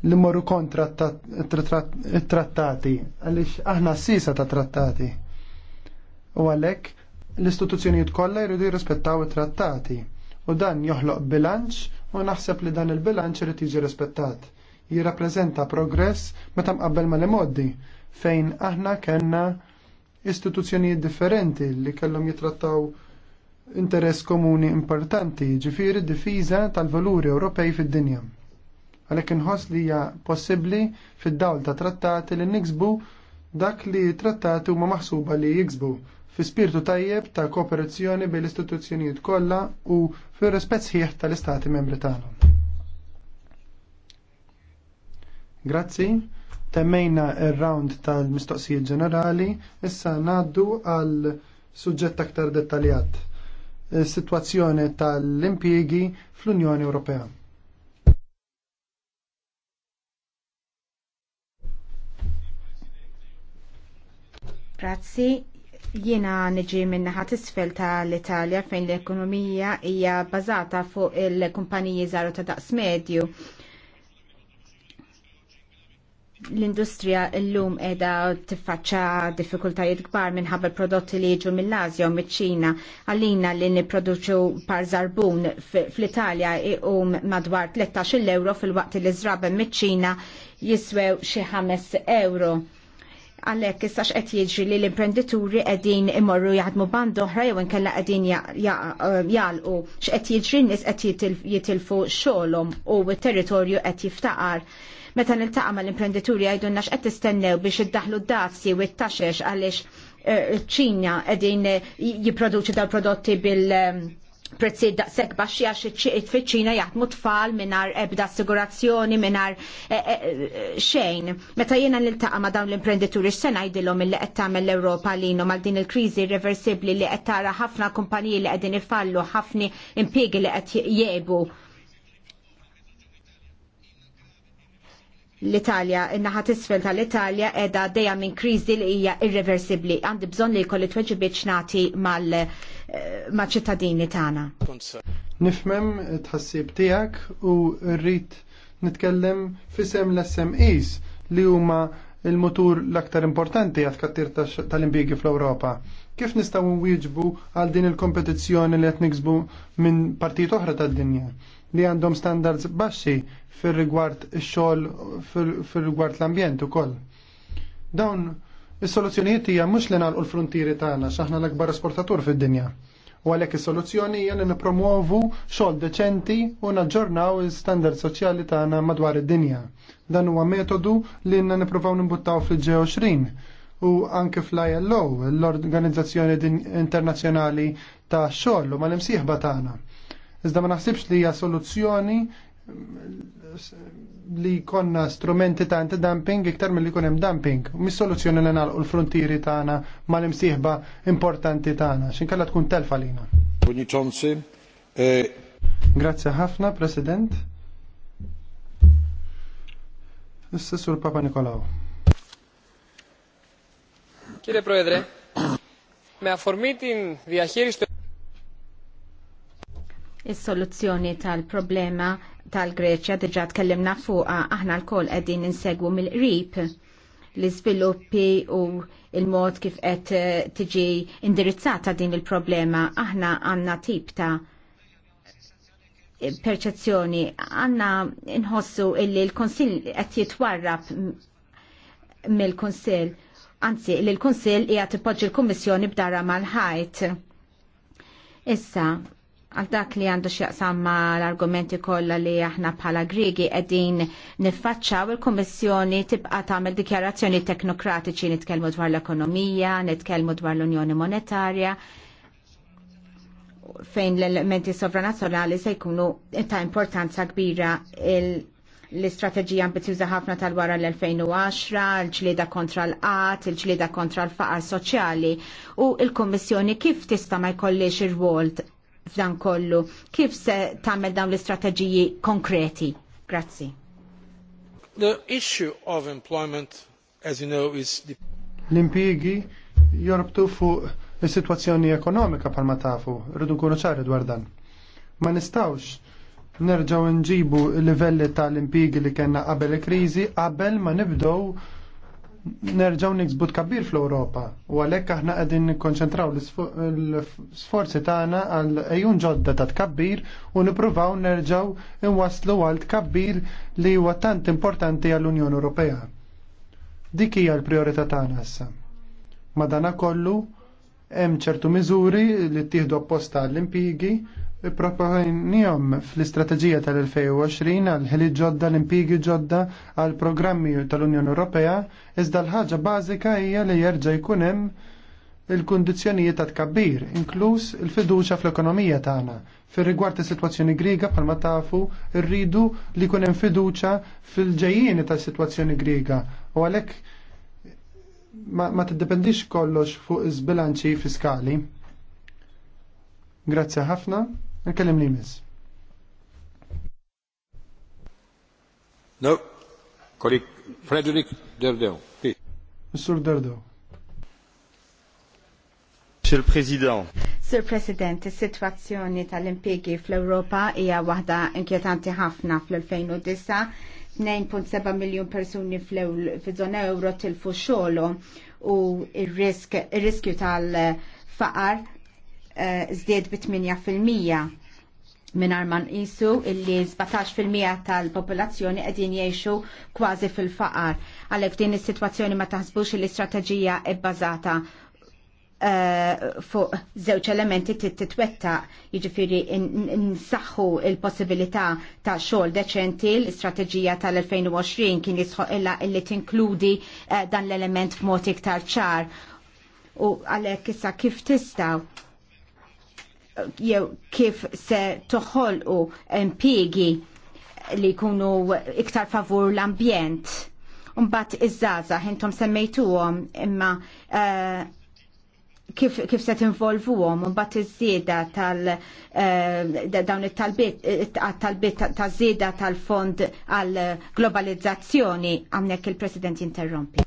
li morru kontra t-trattati, għaliex aħna s-sisa ta' trattati. U għalhekk L-istituzzjonijiet kollha jridu jirrispettaw it-trattati u dan joħloq bilanċ u naħseb li dan il-bilanċ irid jiġi rispettat. Jirrappreżenta progress meta mqabbel ma' modi fejn aħna kellna istituzzjonijiet differenti li kellhom jitrattaw interess komuni importanti, ġifiri difiża tal-valuri Ewropej fid-dinja. Għalhekk inħoss li hija possibbli fid-dawl ta' trattati li niksbu dak li trattati huma maħsuba li jiksbu fi spirtu tajjeb ta' kooperazzjoni bejn l-istituzzjonijiet kollha u fir rispett sħiħ tal-Istati Membri tagħna. Grazzi, temmejna ir-round tal-mistoqsijiet ġenerali, issa ngħaddu għal suġġett aktar dettaljat. Is-sitwazzjoni tal-impjiegi fl-Unjoni Ewropea. Grazzi, Jiena niġi minn naħat isfel l italja fejn l-ekonomija hija bazata fuq il-kumpaniji żaru ta' daqs medju. L-industrija llum qiegħda tiffaċċa diffikultajiet kbar minħabba prodotti li jiġu mill azja u miċ-Ċina għalina li nipproduċu par zarbun fl-Italja iqum madwar 13 euro fil-waqt li zraben miċ-Ċina jiswew xi 5 euro għallek istax qed jiġri li l-imprenditori qegħdin imorru jaħdmu band oħra jew inkella qegħdin jgħalqu um, x'qed jiġri nies qed jitilfu xogħolhom u t-territorju qed jiftaqar. Meta niltaqa' mal-imprenditori għajdunna x'qed tistennew biex iddaħlu d-dazzi u t-taxex għaliex eh, ċ-Ċina qegħdin jipproduċi dal-prodotti bil- um, prezzi daqseg baxi għax it-fiċċina jaħdmu tfal minar ebda assigurazzjoni minar eh, eh, eh, xejn. Meta jiena niltaqa' ma' dawn l-imprenditori x'se ngħidilhom illi qed tagħmel l-Ewropa linu mal din il-kriżi irreversibbli li qed tara ħafna kumpaniji li qegħdin ifallu, ħafni impjiegi li qed jiebu. l-Italja, in-naħa tisfel tal-Italja edha dejja minn kriżi li hija irreversibbli. Għandi bżon li jkolli tweġibiet xnati mal- ma' ċittadini tagħna. Nifhem tħassib tiegħek u rrid nitkellem fisem l-SMEs li huma il-motur l-aktar importanti għal kattir tal-impjiegi fl-Ewropa. Kif nistgħu nwieġbu għal din il-kompetizzjoni li qed niksbu minn partit oħra tad-dinja li għandhom standards baxxi fir-rigward ix-xogħol fir-rigward l-ambjent ukoll. Dawn Is-soluzzjonijiet hija mhux li nagħlqu l-frontieri tagħna x'aħna l-akbar esportatur fid-dinja. U għalhekk is-soluzzjoni hija li nippromuovu xogħol deċenti u naġġornaw l-standard soċjali tagħna madwar id-dinja. Dan huwa metodu li inna nippruvaw nimbuttaw fil-G20 u anke fl-ILO, l-Organizzazzjoni Internazzjonali ta' xogħol u mal-imsieħba tagħna. Iżda ma naħsibx li hija soluzzjoni li konna strumenti ta' anti-dumping iktar mill-li kunem dumping. Mis soluzzjoni li nalqu l-frontieri tagħna mal-imsieħba importanti tagħna kalla tkun telfa lina. Eh, Grazie ħafna, President. Issa sur Papa Nikolaw. Kire Proedre, me aformi din diaxiri Is-soluzzjoni tal-problema tal-Greċja diġa tkellimna fuqa aħna l qegħdin insegwu mill-qrib l-iżviluppi u il-mod kif qed eh, tiġi indirizzata din il-problema aħna għandna tip ta' perċezzjoni għandna nħossu illi l-Konsil qed jitwarrab mill-Konsil anzi li l-Kunsill hija tippoġġi l-Kummissjoni b'dara mal-ħajt. Issa, għal dak li għandu xjaqsam ma l-argumenti kollha li aħna bħala Grigi qegħdin niffaċċaw il-Kummissjoni tibqa' tagħmel dikjarazzjoni teknokratiċi nitkellmu dwar l-ekonomija, nitkellmu dwar l-Unjoni Monetarja fejn l-elementi sovranazzjonali se jkunu ta' importanza kbira l-istrateġija ambizjuża ħafna tal-wara l-2010, l-ġlieda kontra l-qat, il-ġlieda kontra l-faqar soċjali u l-Kummissjoni kif tista' ma jkollix ir-wolt f'dan kollu. Kif se tagħmel dawn l-istrateġiji konkreti? Grazzi. The issue of employment, as you know, is l impiegi jorbtu fuq is-sitwazzjoni ekonomika palma tafu, rridu nkunu ċari dwar dan. Ma nistawx nerġgħu nġibu l-livelli tal impiegi li kellna qabel il-kriżi qabel ma nibdow nerġaw niksbut kabir fl-Europa u għalhekk aħna qegħdin nikkonċentraw l-sforzi tagħna għal ejjun ġodda ta' tkabbir u nippruvaw nerġaw inwaslu għal tkabbir li huwa tant importanti għall-Unjoni Ewropea. Dik hija l-priorità tagħna issa. Madana kollu hemm ċertu miżuri li ttieħdu apposta għall impigi Proponijom fl-istrateġija tal-2020 għal ħeli ġodda l-impigi ġodda għal programmi tal-Unjoni Ewropea, iżda l-ħaġa bażika hija li jerġa' jkun hemm il-kundizzjonijiet ta' tkabbir, inkluż il-fiduċa fl-ekonomija tagħna. Fir-rigward is-sitwazzjoni Griega bħalma tafu rridu li jkun hemm fiduċa fil ġejjini tas-sitwazzjoni Griega u għalhekk ma, ma tiddependix kollox fuq iż-bilanċi fiskali. Grazzi ħafna. Nkellem li miss. No, kolik Frederick Derdew. Mr. Derdew. Monsieur le Président. Sir President, is-sitwazzjoni tal-impjegi fl europa hija waħda inkjetanti ħafna fl-2009. 2.7 miljon persuni fl-żona euro tilfu xogħol. u ir-riskju tal-faqar żdied bi 8% minar man isu illi 17% tal-popolazzjoni qegħdin jgħixu kważi fil-faqar. Għalhekk din is-sitwazzjoni ma taħsbux l-istrateġija bbażata eh, fuq żewġ elementi titwetta jiġifieri nsaħħu il-possibilità ta' xogħol deċenti l-istrateġija tal-2020 kien jisħu illa illi tinkludi eh, dan l-element f'mod iktar ċar. U għalhekk issa kif tistaw jew kif se toħolqu impjiegi li jkunu iktar favur l-ambjent. Umbat iż-żaza, semmejtu semmejtuhom imma uh, kif, kif se tinvolvuhom imbagħad iż-żieda tal eh, dawn it-talbiet talbit ta' taż tal-fond għal globalizzazzjoni hawnhekk il-President jinterrompi.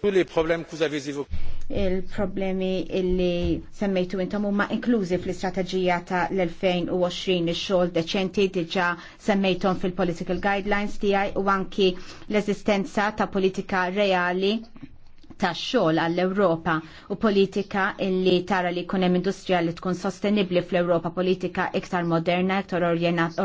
Tous les problèmes que vous avez évoqués il-problemi illi semmejtu intom huma inklużi fl-istrateġija ta' l-2020 ix-xogħol deċenti diġà semmejthom fil-political guidelines tiegħi u anki l-eżistenza ta' politika reali ta' xogħol għall-Ewropa u politika illi tara li jkun hemm industrija li tkun sostenibbli fl-Ewropa, politika iktar moderna, iktar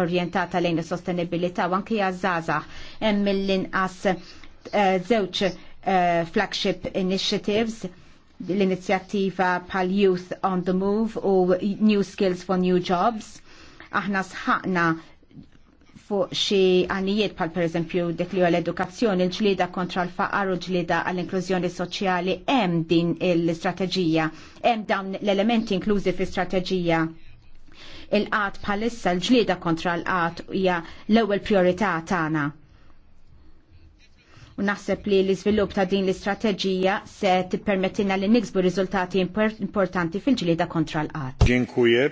orjentata lejn is-sostenibilità u anke żgħażagħ hemm mill-inqas eh, żewġ eh, flagship initiatives l-inizjattiva pal Youth on the Move u New Skills for New Jobs. Aħna sħaqna fuq xi għanijiet pal per eżempju dik li l-edukazzjoni, l-ġlida kontra l-faqar u ġlida għall-inklużjoni soċjali hemm din l-istrateġija, hemm dawn l-elementi inklużi fl-istrateġija il-qat bħalissa l-ġlida kontra l-qat hija l-ewwel priorità tagħna u naħseb li l-iżvilupp ta' din l-istrateġija se tippermettina li niksbu riżultati importanti fil-ġlieda kontra l-qat. Dziękuję.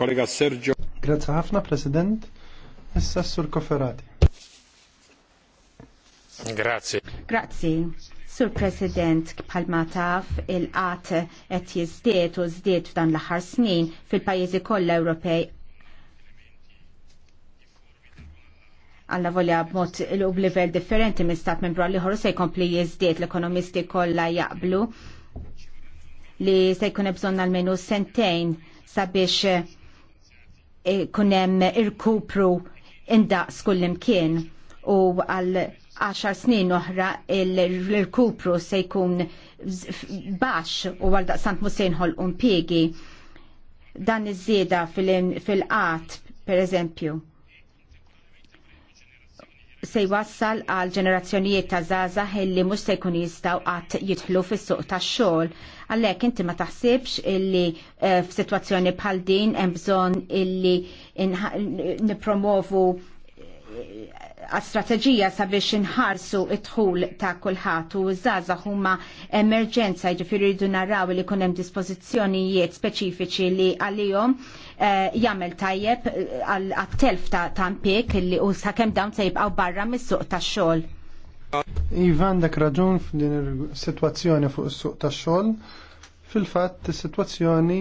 Kollega Sergio. Grazie ħafna, President. Issa Sur Koferati. Grazie. Grazie. Sur President, bħalma taf il-qat qed jiżdied u żdied f'dan l-aħħar snin fil-pajjiżi kollha Ewropej għalla volja b'mod l-level differenti minn stat membru għalli ħorru se jkompli jizdiet l-ekonomisti kollha jaqblu li se jkun bżonn għal-menu sentejn sabiex eh, kunem irkupru indaqs kullimkien u għal 10 snin oħra l kupru se jkun bax u għal daqsant musejnħol un piegi dan iż-żieda fil-qat, per eżempju, se jwassal għal ġenerazzjonijiet ta' zaza illi mhux se jkun jistgħu qatt jidħlu fis-suq tax-xogħol. Għalhekk inti ma taħsibx illi eh, f'sitwazzjoni bħal din hemm bżonn illi nippromovu għal-strategija eh, sabiex inħarsu it-tħul ta' kulħadd u zaza huma emerġenza ġifiri jridu naraw li jkun hemm dispożizzjonijiet speċifiċi li għalihom Eh, jagħmel tajjeb eh, għat-telf ta' tampik li u sakemm dawn se jibqgħu barra mis-suq tax-xogħol. Ivan dak raġun f'din is-sitwazzjoni fuq is-suq tax-xogħol, fil-fatt is-sitwazzjoni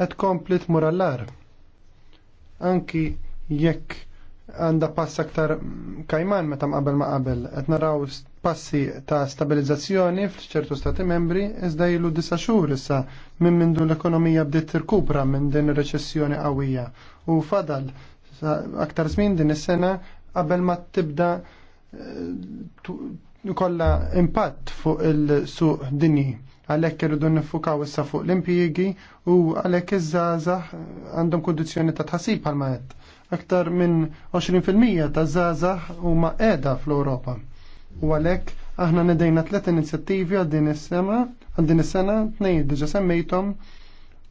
qed komplet tmur allar. Anki jekk għandha pass aktar kajman meta mqabel ma qabel qed naraw passi ta' stabilizzazzjoni f'ċertu stati membri iżda ilu disa xhur issa minn mindu l-ekonomija bdiet tirkupra minn din ir-reċessjoni qawwija u fadal aktar żmien din is-sena qabel ma tibda eh, kollha impatt fuq il-suq dinji għalhekk irridu nifukaw issa fuq l-impjiegi u għalhekk iż-żgħażagħ għandhom kundizzjoni ta' tħassib bħalma qed. Aktar minn 20% ta' żgħażagħ huma qiegħda fl-Ewropa U għalek aħna nedejna tlet inizjattivi għaddin is sema għaddin is-sena tnej diġa semmejtom,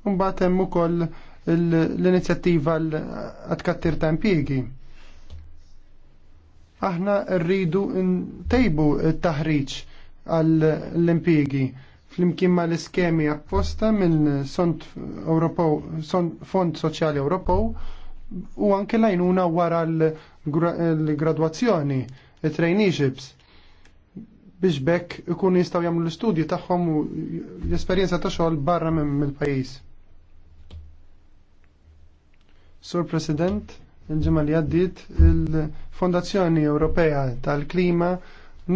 mbagħad hemm ukoll l-inizjattiva għadkattir ta' impjiegi. Aħna rridu ntejbu t-taħriġ għall-impjiegi flimkien ma l-iskemi apposta mill Sond Fond Soċjali Ewropew u anke lajnuna wara l-gradwazzjoni, it-traineeships biex bekk ikun jistaw jagħmlu l studju tagħhom u l-esperjenza ta' xogħol barra minn mill-pajjiż. Sur President, il-ġimgħa li għaddiet il-Fondazzjoni Ewropea tal-Klima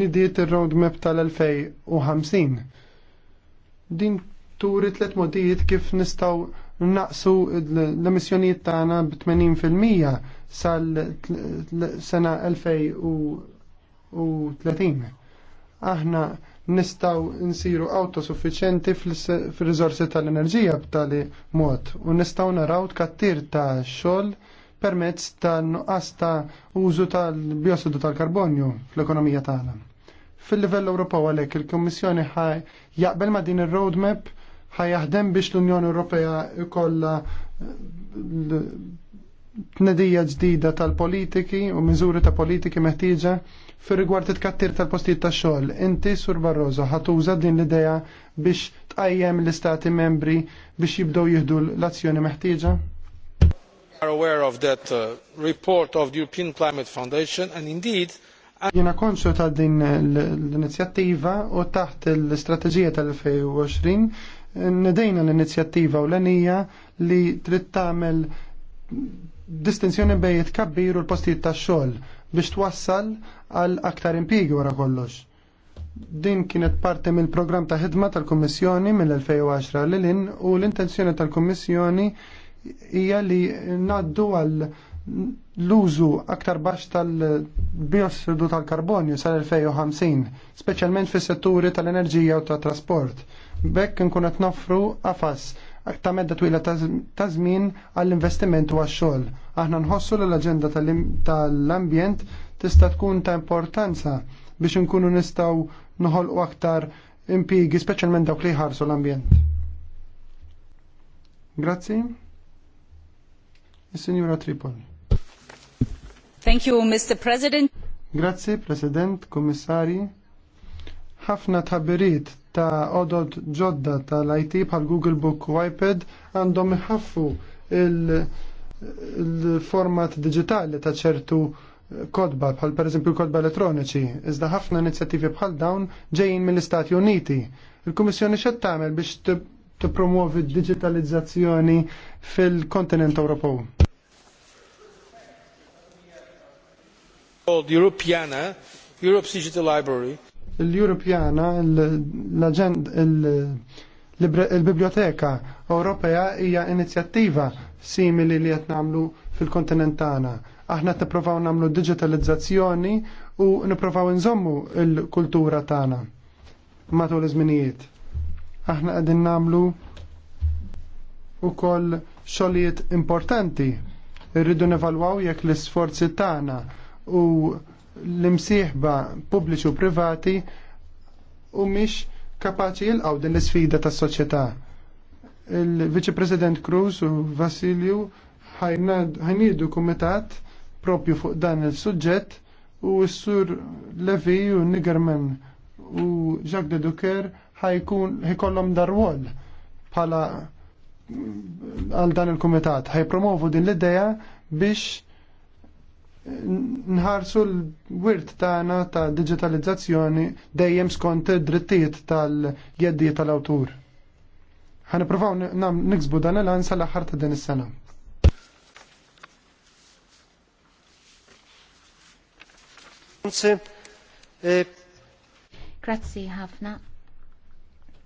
nidiet ir-roadmap tal-2050. Din turi tliet modijiet kif nistgħu naqsu l-emissjonijiet tagħna b'80% sal-sena 2030 aħna nistaw nsiru autosuffiċenti fil-rizorsi tal-enerġija b'tali mod u nistaw naraw tkattir ta' xogħol permezz ta' nuqqas ta' użu tal-biossidu tal-karbonju fl-ekonomija tagħna. Fil-livell Ewropew għalhekk il-Kummissjoni ħaj jaqbel ma' din ir-roadmap ħaj jaħdem biex l-Unjoni Ewropea ikollha eh, tnedija ġdida tal-politiki u miżuri ta' politiki meħtieġa Fir rigward it-kattir tal-postijiet ta' xogħol, inti Sur Barroso ħatuża din l-idea biex tqajjem l-istati membri biex jibdew jieħdu l-azzjoni meħtieġa? are aware of that uh, report of the European Climate Foundation and indeed uh, Jena konxu ta' din l-inizjattiva u taħt l-istrateġija tal-2020 nedejna l-inizjattiva u l anija li trid tagħmel distinzjoni bejn it-kabbir u l-postijiet tax-xogħol biex twassal għal aktar impigi wara kollox. Din kienet parte mill programm ta' ħidma tal-Kummissjoni mill-2010 lilin u l-intenzjoni tal-Kummissjoni hija li naddu għal l-użu aktar baxx tal-biossidu tal-karbonju sal-2050, speċjalment fis-setturi tal-enerġija u tat trasport. Bekk nkun qed noffru qafas ta' medda twila ta' żmien għall-investiment u għax-xogħol. Aħna nħossu l aġenda tal-ambjent tista' tkun ta' importanza biex inkunu nistgħu noħolqu aktar impigi, speċjalment dawk li jħarsu l-ambjent. Grazzi. Is-Sinjura Tripoli. Thank you, Mr. President. Grazzi, President, Kommissari. Ħafna tħabbiriet ta' odod ġodda tal-IT bħal Google Book u iPad għandhom iħaffu il-format digitali ta' ċertu kodba bħal per eżempju kodba elettroniċi, iżda ħafna inizjattivi bħal dawn ġejjin mill-Istati Uniti. Il-Kummissjoni xed tagħmel biex tippromuovi d-digitalizzazzjoni fil-kontinent Ewropew. Called Europeana, Europe's Digital Library l-Europjana, l-Biblioteka Ewropea hija inizjattiva simili li qed nagħmlu fil-kontinent tagħna. Aħna nipprovaw nagħmlu digitalizzazzjoni u nipprovaw nżommu l-kultura tagħna matul iż-żminijiet. Aħna qegħdin nagħmlu ukoll xogħlijiet importanti rridu nevalwaw jekk l-isforzi tagħna u l-imsieħba pubbliċi u privati u miex kapaċi jilqgħu din l-isfida tas-soċjetà. Il-Viċi President Cruz u Vasilju ħajnidu kumitat propju fuq dan il-suġġett u s-sur Levi u Nigerman u Jacques de Duker ħajkun ħikollom darwol bħala għal dan il-kumitat ħajpromovu din l-idea biex nħarsu l-wirt tagħna ta' digitalizzazzjoni dejjem skont id-drittijiet tal-jeddi tal-awtur. nam niksbu dan il-an sal-aħħar ta' din is-sena. Eh, Grazzi ħafna.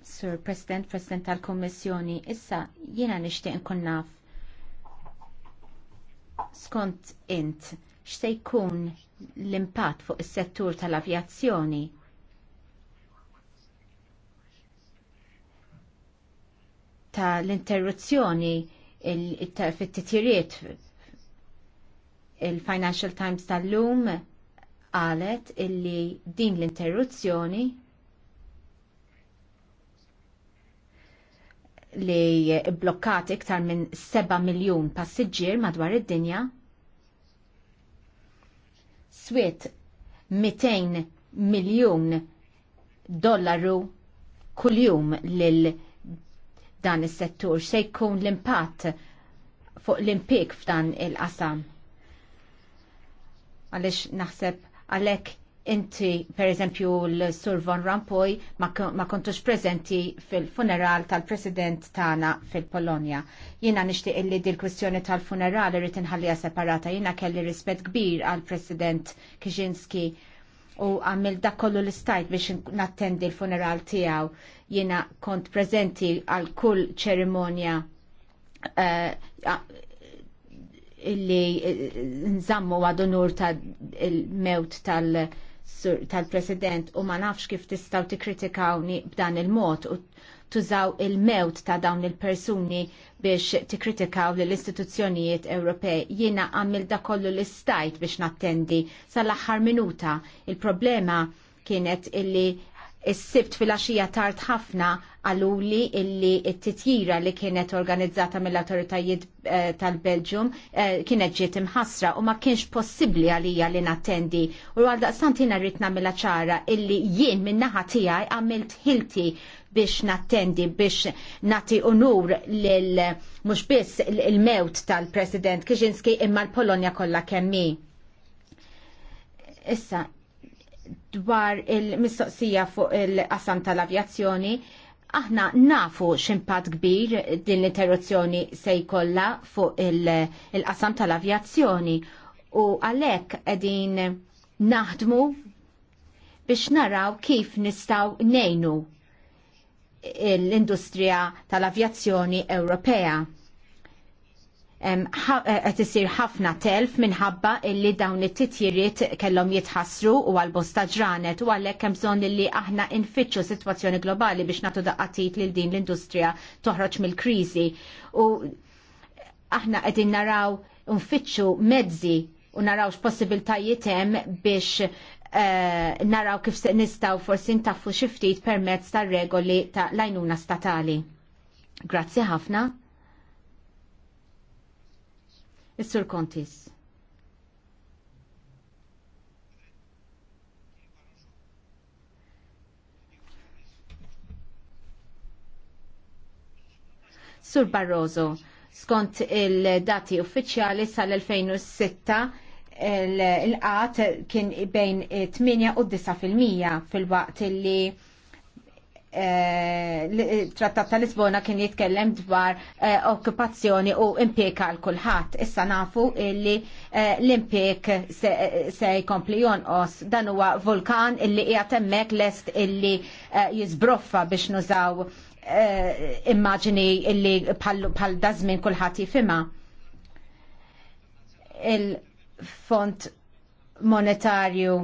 Sur President, President tal-Kommissjoni, issa jiena nixtieq nkun naf skont int x'se jkun l-impatt fuq is-settur tal-avjazzjoni ta' l-interruzzjoni fit-titjiriet il-Financial Times tal-lum qalet illi din l-interruzzjoni li blokkat iktar minn 7 miljun passiġġier madwar id-dinja Swiet 200 miljun dollaru kuljum lil dan is-settur se jkun l-impatt fuq l-impik f'dan il-qasam. Għaliex naħseb għalhekk inti, per eżempju, l-Sur Von Rampoy ma, ma kontux prezenti fil-funeral tal-President tana fil-Polonia. Jina nishtiq illi l kwestjoni tal-funeral irrit inħallija separata. Jina kelli rispet kbir għal-President Kijinski u għamil da kollu l-istajt biex nattendi l-funeral tijaw. Jina kont prezenti għal kull ċerimonja uh, illi eh, nżammu għad-onur tal-mewt tal-President tal-President u ma nafx kif tistaw tikkritikawni b'dan il-mod u tużaw il-mewt ta' dawn il-persuni biex tikkritikaw lill istituzzjonijiet Ewropej. Jiena għamil da kollu l-istajt biex nattendi sal-aħħar minuta. Il-problema kienet illi s-sibt fil-axija tard ħafna għaluli illi t-titjira li kienet organizzata mill-autoritajiet eh, tal-Belġum eh, kienet ġiet imħasra u ma kienx possibli għalija li nattendi u għalda santina rritna mill ċara illi jien naħa tijaj għamilt ħilti biex nattendi, biex nati unur lil mux biss il-mewt tal-President Kiġinski imma l-Polonja kollha kemmi. Issa, dwar il-mistoqsija fuq il-qasam tal-avjazzjoni, Aħna nafu ximpat kbir din l-interruzzjoni se jkollha fuq il-qasam il tal-avjazzjoni u għalhekk qegħdin naħdmu biex naraw kif nistgħu nejnu l-industrija tal-avjazzjoni Ewropea Eh, qed isir ħafna telf minħabba illi dawn it-titjiriet kellhom jitħassru u għal bosta ġranet u għalhekk hemm bżonn illi aħna nfittxu sitwazzjoni globali biex nagħtu daqqatit lil din l-industrija toħroġ mill-kriżi. U aħna qegħdin naraw nfittxu mezzi u narawx possibiltajiet hemm biex uh, naraw kif nistgħu forsi ntaffu xi ftit permezz tar-regoli ta' lajnuna statali. Grazzi ħafna. Is-Sur Kontis. Sur Barroso, skont il-dati uffiċjali sal-2006 il-qat kien bejn 8 u 9 fil-waqt li Eh, eh, trattat ta' Lisbona kien jitkellem dwar eh, okkupazzjoni u impieka għal kulħadd. Issa nafu illi l-impiek se jkompli jonqos dan huwa vulkan illi qiegħed hemmhekk lest illi jiżbroffa biex nużaw immaġini illi bħal dażmin kulħadd jifhimha. Il-font monetarju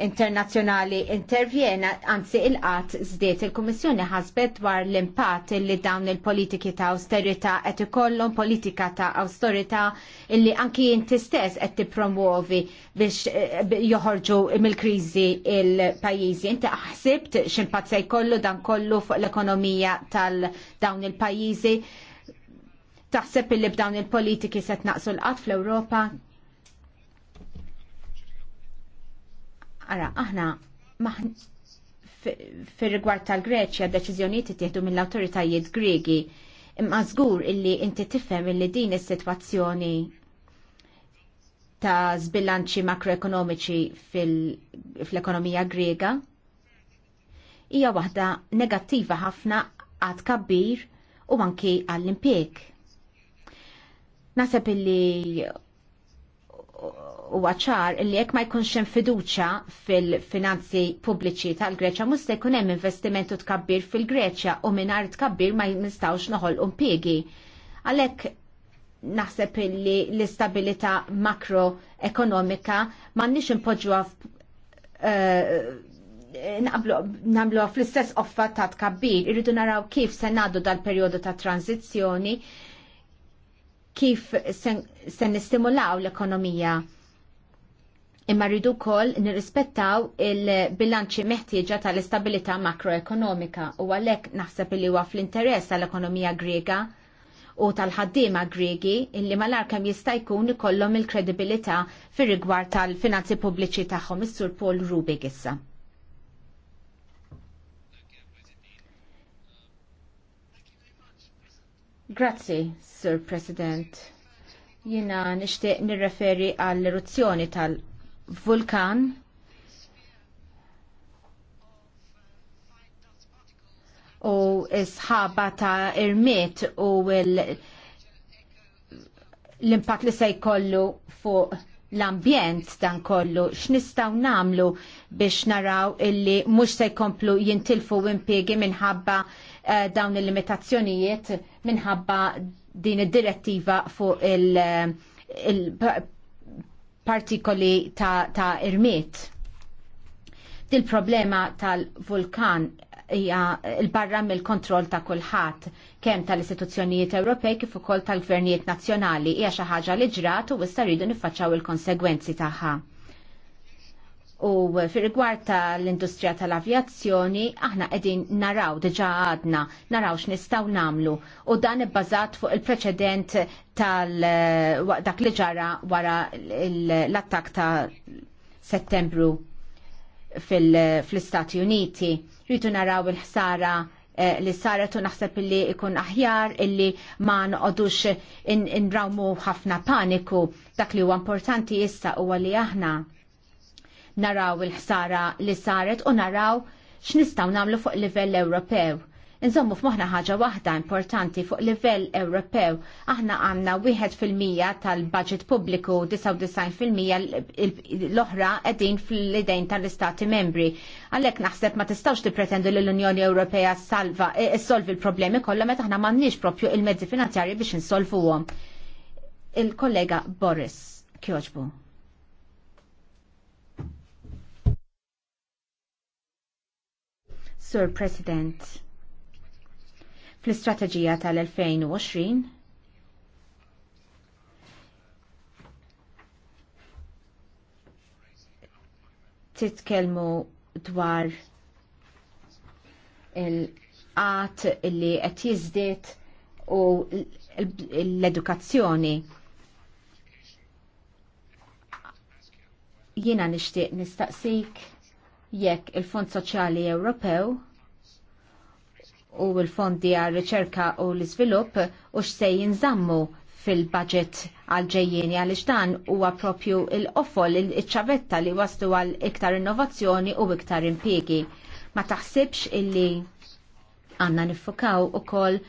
internazzjonali intervjena anzi il-qat żdiet il-Kummissjoni ħasbet dwar l-impatt li dawn il-politiki ta' austerità qed ikollhom politika ta' austerità illi anki inti stess qed tippromuovi biex eh, joħorġu mill-kriżi il-pajjiżi. Inti ħsibt x'impatt se jkollu dan kollu fuq l-ekonomija tal-dawn il-pajjiżi. Taħseb illi b'dawn il-politiki se tnaqsu l-qatt fl-Ewropa? Ara, aħna maħn fir rigward tal-Greċja deċiżjonijiet ittieħdu mill-awtoritajiet Gregi imma żgur illi inti tifhem illi din is-sitwazzjoni ta' zbilanċi makroekonomiċi fil-ekonomija Grega hija waħda negattiva ħafna għad kabbir u anki għall-impjeg. Naseb illi huwa ċar li jekk ma jkunx hemm fiduċja fil-finanzi pubbliċi tal-Greċja mhux se jkun hemm investimentu tkabbir fil-Greċja u mingħajr tkabbir ma nistgħux noħolqu impjiegi. Għalhekk naħseb li l-istabilità makroekonomika m'għandniex impoġġuha eh, nagħmluha fl-istess offa ta' tkabbir, irridu naraw kif se ngħaddu dal-perjodu ta' tranzizzjoni kif se nistimulaw l-ekonomija. Imma rridu wkoll nirrispettaw il-bilanċi meħtieġa tal-istabilità makroekonomika u għalhekk naħseb li huwa fl-interess tal-ekonomija Griega u tal-ħaddiema Griegi illi malar kemm jista' jkun ikollhom il-kredibilità fir-rigward tal-finanzi pubbliċi tagħhom is-Sur Paul Rubik issa. Grazzi, Sir President. Jina nishtiq nirreferi għall-eruzzjoni tal-vulkan u sħaba ta' irmit u l-impatt li se jkollu fuq l-ambjent dan kollu, x'nistgħu namlu biex naraw illi mhux se jkomplu jintilfu impiegi minħabba uh, dawn il-limitazzjonijiet minħabba din id-direttiva fuq il-partikoli il ta', ta irmiet. Dil-problema tal-vulkan hija l-barra mill-kontroll ta' kulħadd kemm tal-istituzzjonijiet Ewropej kif ukoll tal-gvernijiet nazzjonali hija xi ħaġa li ġrat u issa rridu niffaċċaw il-konsegwenzi tagħha. U fir-rigward tal-industrija tal-avjazzjoni aħna qegħdin naraw diġà għadna, naraw x'nistgħu nagħmlu u dan ibbażat fuq il-preċedent tal dak li ġara wara l-attak ta' Settembru fil-Istati Uniti rridu naraw il-ħsara eh, li saret u naħseb li ikun aħjar illi ma noqodux inrawmu ħafna paniku dak li huwa importanti issa huwa li aħna naraw il-ħsara li saret u naraw x'nistgħu nagħmlu fuq livell Ewropew. Inżommu f'moħna ħaġa waħda importanti fuq livell Ewropew. Aħna għanna 1% tal-budget pubbliku, 99% l-oħra qegħdin fl-idejn tal-Istati membri. Għalhekk naħseb ma tistgħux tippretendu li l-Unjoni Ewropea salva e, solvi l-problemi kollha meta aħna m'għandniex propju il-mezzi finanzjarji biex insolvuhom. Il-kollega Boris Kjoġbu. Sir President, fl-istrateġija tal-2020 titkellmu dwar il-qat li qed jiżdied u l-edukazzjoni. Jiena nixtieq nistaqsik jekk il-Fond Soċjali Ewropew u l-fondi għal riċerka u l izvilup u x'se jinżammu fil-budget għal-ġejjeni għal dan huwa għapropju il-qofol il-ċavetta li waslu għal iktar innovazzjoni u iktar impiegi. Ma taħsibx illi għanna nifukaw u kol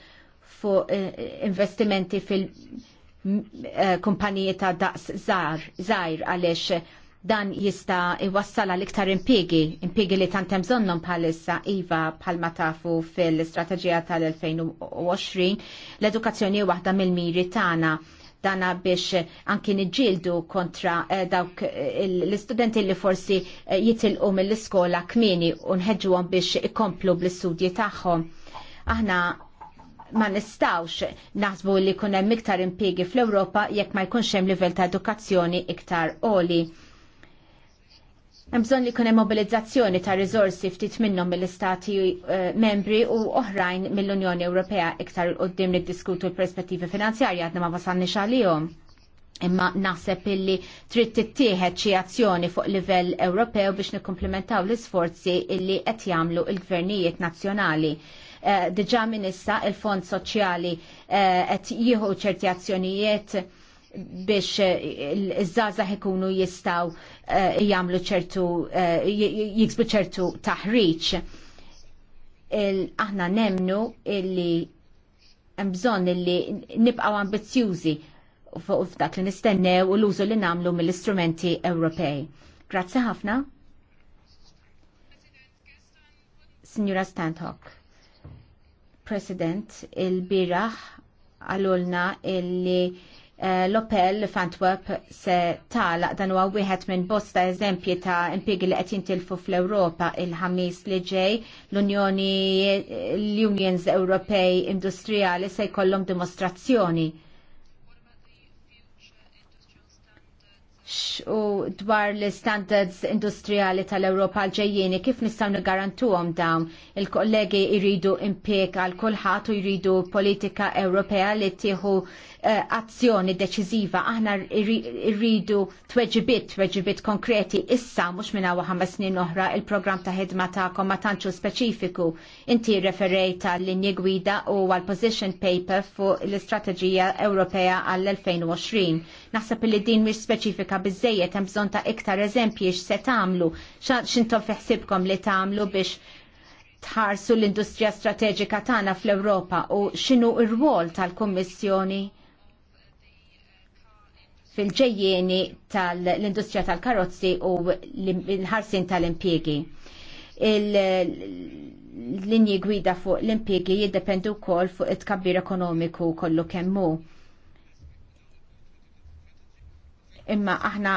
fuq eh, investimenti fil- eh, kumpaniji ta' daqs zaħir għalix dan jista iwassala l-iktar impiegi, impiegi li tantem zonnom bħalissa Iva bħalma tafu fil-strategija tal-2020, l-edukazzjoni waħda mill-miri tagħna dana biex anki niġġieldu kontra eh, dawk eh, l-istudenti li forsi eh, jitilqu mill-iskola kmini u nħeġġuhom biex ikomplu bl-istudji tagħhom. Aħna ma nistawx naħsbu li kunem iktar impiegi fl-Ewropa jekk ma jkunx hemm livell ta' edukazzjoni iktar oli bżonn li kunem mobilizzazzjoni ta' rizorsi ftit minnhom mill-istati eh, membri u oħrajn mill-Unjoni Ewropea iktar qoddim niddiskutu l-perspettivi finanzjarja għadna ma wasalni għalihom. Imma naħseb illi trid tittieħed xi azzjoni fuq livell Ewropew biex nikkomplementaw l-isforzi illi qed jagħmlu l-gvernijiet nazzjonali. Eh, diġà minn issa il-Fond Soċjali eh, qed jieħu ċerti azzjonijiet biex iż-żgħażagħ ikunu jistgħu Eh, jagħmlu ċertu eh, jiksbu ċertu taħriġ. Aħna nemnu illi hemm bżonn illi nibqgħu ambizzjużi fuq f'dak li nistennew u l-użu li nagħmlu mill-istrumenti Ewropej. Grazzi ħafna. Signora Stanthock, President, il-biraħ għalulna illi Eh, l-Opel f'Antwerp se tala dan huwa wieħed minn bosta eżempji ta' impjiegi li qed jintilfu fl-Ewropa il-ħamis li ġej l-Unjoni eh, l-Unions Ewropej Industrijali se jkollhom dimostrazzjoni u dwar l-standards industrijali tal-Europa ġejjeni, kif nistgħu għom dawn il-kollegi jridu impjeg għal kulħadd u jridu politika Ewropea li tieħu eh, azzjoni deċiżiva aħna jridu tweġibit, tweġibit konkreti issa mhux minna għu ħames snin oħra il-programm ta' ħidma tagħkom ma tantxu speċifiku. Inti referejta l-linji gwida u għal position paper fuq l-istrateġija Ewropea għall-2020. Naħseb li din mhix speċifika bizzejiet hemm bżonn ta' iktar eżempji x'se tagħmlu, x'intom fiħsibkom li tagħmlu biex tħarsu l-industrija strateġika tagħna fl-Ewropa u x'inhu r-rwol tal-Kummissjoni fil-ġejjeni tal-industrija tal-karozzi u l-ħarsin tal-impjegi. L-linji gwida fuq l-impjegi jiddependu wkoll fuq it-kabbir ekonomiku kollu kemmu imma aħna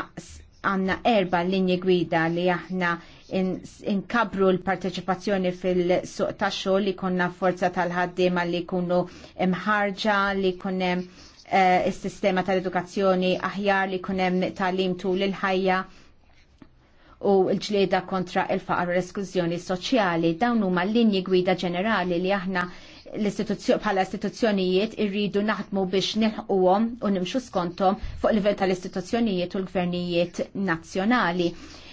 għanna erba linji gwida li aħna inkabru in l-parteċipazzjoni fil-suq ta' xogħol li konna forza tal-ħaddiema li kunu imħarġa li kunem uh, eh, il sistema tal-edukazzjoni aħjar li kunem talim tul il-ħajja u l-ġlieda kontra il-faqar u l-eskużjoni soċjali dawn huma linji gwida ġenerali li aħna bħala istituzzjonijiet irridu naħdmu biex nilħquhom u nimxu skontom fuq livell tal-istituzzjonijiet u l-gvernijiet nazzjonali.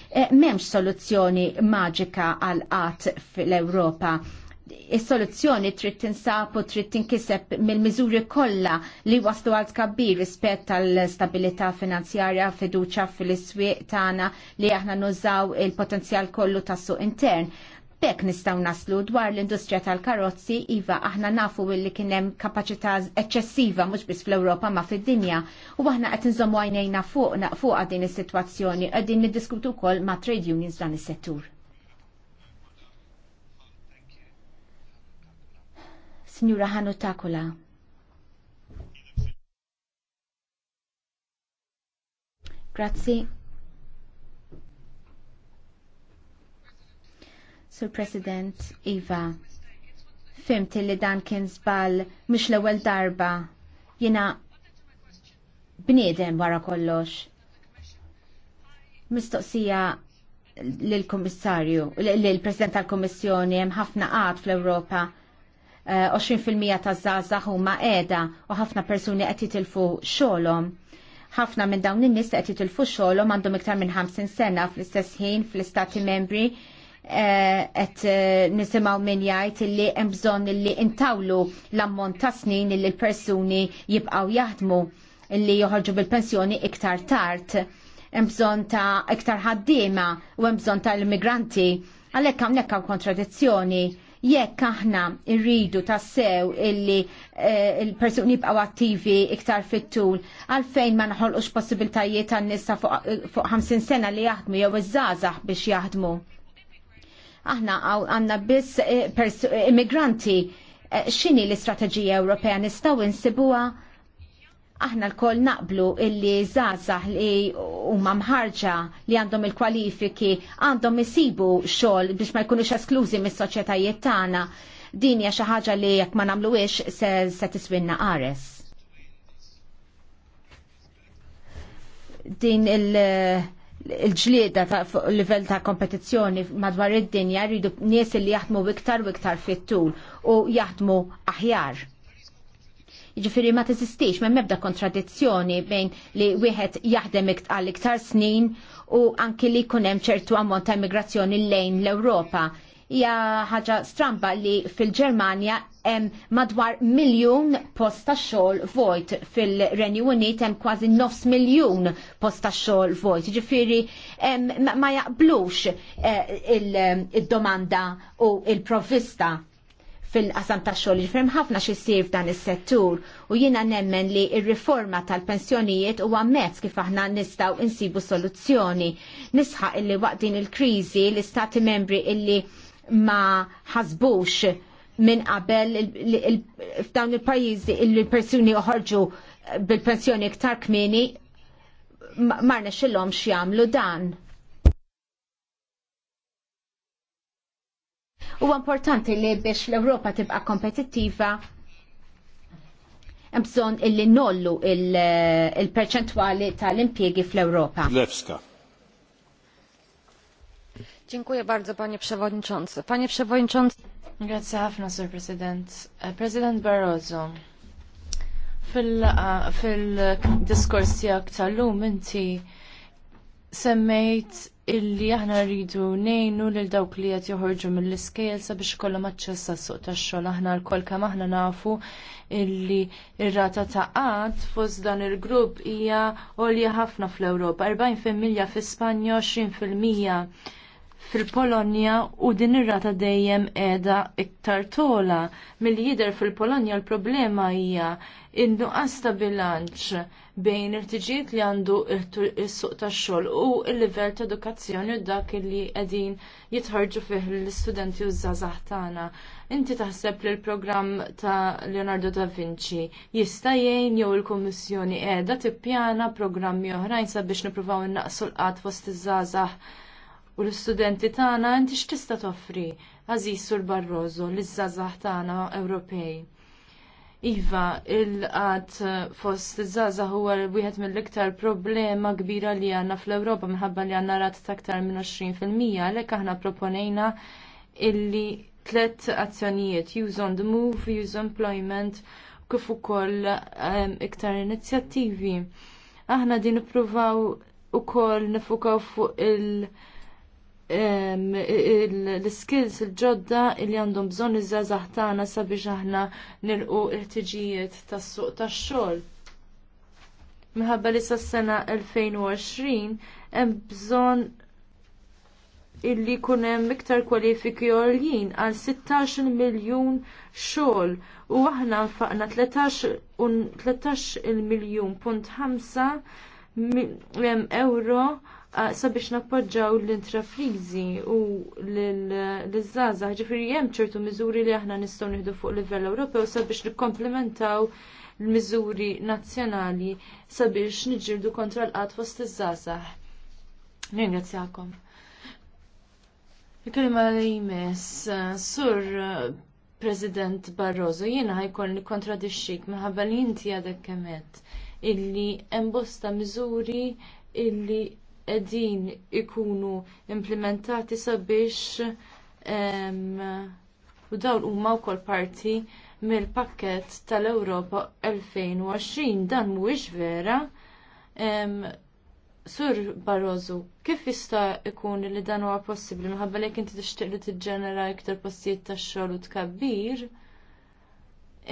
Eh, Memx soluzzjoni maġika għal qatt fl-Ewropa. Is-soluzzjoni trid tinsab u trid tinkiseb mill-miżuri kollha li waslu għal tkabbir rispett tal-stabilità finanzjarja fiduċa fil-iswieq tagħna li aħna nużaw il-potenzjal kollu tas-suq intern Bekk nistaw naslu dwar l-industrija tal-karozzi iva aħna nafu li kienem kapacità eċċessiva mhux biss fl-Ewropa ma fid-dinja u aħna qed nżommu għajnejna fuq fuq din is-sitwazzjoni qegħdin niddiskutu wkoll ma' trade unions dan is-settur. Signora Hanu Takula. Grazie. Sur President Iva, fimti li dan kien zbal mish l-ewwel darba jiena bniedem wara kollox. Mistoqsija lill-Kummissarju, lill-President tal-Kummissjoni hemm ħafna qat fl-Ewropa 20% eh, ta' żgħażagħ huma qiegħda u ħafna persuni qed jitilfu xolom. Ħafna minn dawn in-nies qed jitilfu xogħolhom għandhom iktar minn 50 sena fl-istess ħin fl-Istati Membri Eh, et eh, nisimaw min jgħid illi hemm bżonn intawlu l-ammont ta' snin li l-persuni jibqgħu jaħdmu li joħorġu bil-pensjoni iktar tard. Hemm bżonn ta' iktar ħaddiema u hemm bżonn l immigranti. Għalhekk hawnhekk hawn kontradizzjoni jekk aħna rridu tassew illi eh, il-persuni jibqaw attivi iktar fit-tul, għalfejn ma naħolqux possibiltajiet għan nisa fuq 50 sena li jaħdmu jew iż-żazax biex jaħdmu. Aħna għanna biss eh, eh, immigranti. Eh, Xini l-istrateġija Ewropea nistaw insibuha? Aħna l-koll naqblu illi zazah li huma mħarġa li għandhom il-kwalifiki għandhom isibu xogħol biex ma jkunux esklużi mis-soċjetajiet tagħna. Din hija xi ħaġa li jekk ma nagħmluhiex se, se tiswinna qares. Din il- il-ġlieda ta' fuq livell ta' kompetizzjoni madwar id-dinja rridu nies li jaħdmu iktar u iktar fit-tul u jaħdmu aħjar. Ġifiri ma teżistix, ma mebda kontradizzjoni bejn li wieħed jaħdem għal iktar snin u anki li jkun hemm ċertu ammont ta' immigrazzjoni lejn l-Ewropa hija ħaġa stramba li fil-Ġermanja hemm madwar miljun post ta' xogħol vojt fil-Renju Unit hemm kważi nofs miljun post ta' xogħol vojt. Ġifieri ma jaqblux eh, id il-domanda u il-provvista fil-qasam ta' xogħol ġifrim ħafna xi jsir f'dan is-settur u jiena nemmen li r-riforma tal-pensjonijiet huwa mezz kif aħna nistgħu insibu soluzzjoni. Nisħaq illi waqt din il-kriżi l-istati membri illi ma ħasbux minn qabel f'dawn il-pajjiżi il-persuni uħorġu bil-pensjoni iktar kmini marna xillom xjamlu dan. U importanti li biex l-Europa tibqa kompetittiva bżon illi nollu il-perċentwali tal-impjegi fl-Europa. Dziękuję bardzo, panie przewodniczący. Panie przewodniczący. Grazie ħafna, Sir President. Eh, President Barroso, fil-diskors fil tiegħek tal-lum inti semmejt illi aħna rridu nejnu lil dawk li qed joħorġu mill-iskejl sabiex kollhom aċċessa għas-suq tax-xogħol aħna lkoll kemm aħna nafu illi r rata ta' qatt fost dan il-grupp hija għolja ħafna fl-Ewropa, 40% fil-Spanja, 20% fil-Polonja u din ir-rata dejjem qiegħda iktar tola. Milli jidher fil-Polonja l-problema hija in-nuqqas ta' bilanċ bejn irtiġiet li għandu is-suq tax-xogħol u l-livell ta' edukazzjoni u dak li qegħdin jitħarġu fih l-istudenti u żgħażagħ tagħna. Inti taħseb li l-programm ta' Leonardo da Vinci jista' jgħin jew il-Kummissjoni qiegħda tippjana programmi oħrajn sabiex nippruvaw innaqsu l-qatt fost iż-żgħażagħ u l-istudenti tagħna inti x'tista' toffri Aziz Sur Barroso liż-żagħżagħ tagħna Ewropej. Iva, il-qat fost iż-żagħżagħ huwa wieħed mill-iktar problema kbira li għandna fl-Ewropa minħabba li għandna rat ta' aktar minn 20% għalhekk aħna proponejna illi tlet azzjonijiet, use on the move, use employment, kif ukoll um, iktar inizjattivi. Aħna din nippruvaw ukoll nifukaw fuq il- l-skills il-ġodda li għandhom bżonn iż-żazah tagħna sabiex aħna nilqu l-ħtiġijiet tas-suq tax-xogħol. Minħabba li sas-sena 2020 hemm bżonn illi jkun hemm iktar kwalifiki għoljin għal 16 miljun xogħol u aħna nfaqna 13 il miljun punt 5 euro sabiex nappoġġaw l-intraprizi u l-żaza, ġifiri jem ċertu miżuri li aħna nistgħu nieħdu fuq livell Ewropew sabiex nikkomplementaw l-miżuri nazzjonali sabiex niġġieldu kontra l-qatt fost iż-żgħażagħ. Ringrazzjakom. Il-kelma li sur President Barroso, jiena ħajkun li kontradixxik minħabba li inti għadek kemet illi hemm bosta miżuri illi qegħdin ikunu implementati sabiex u dawn huma wkoll parti mill-pakkett tal-Ewropa 2020 dan mhuwiex vera. sur Barroso, kif jista' ikun li dan huwa possibbli minħabba li inti tixtieq li tiġġenera iktar postijiet tax-xogħol u tkabbir,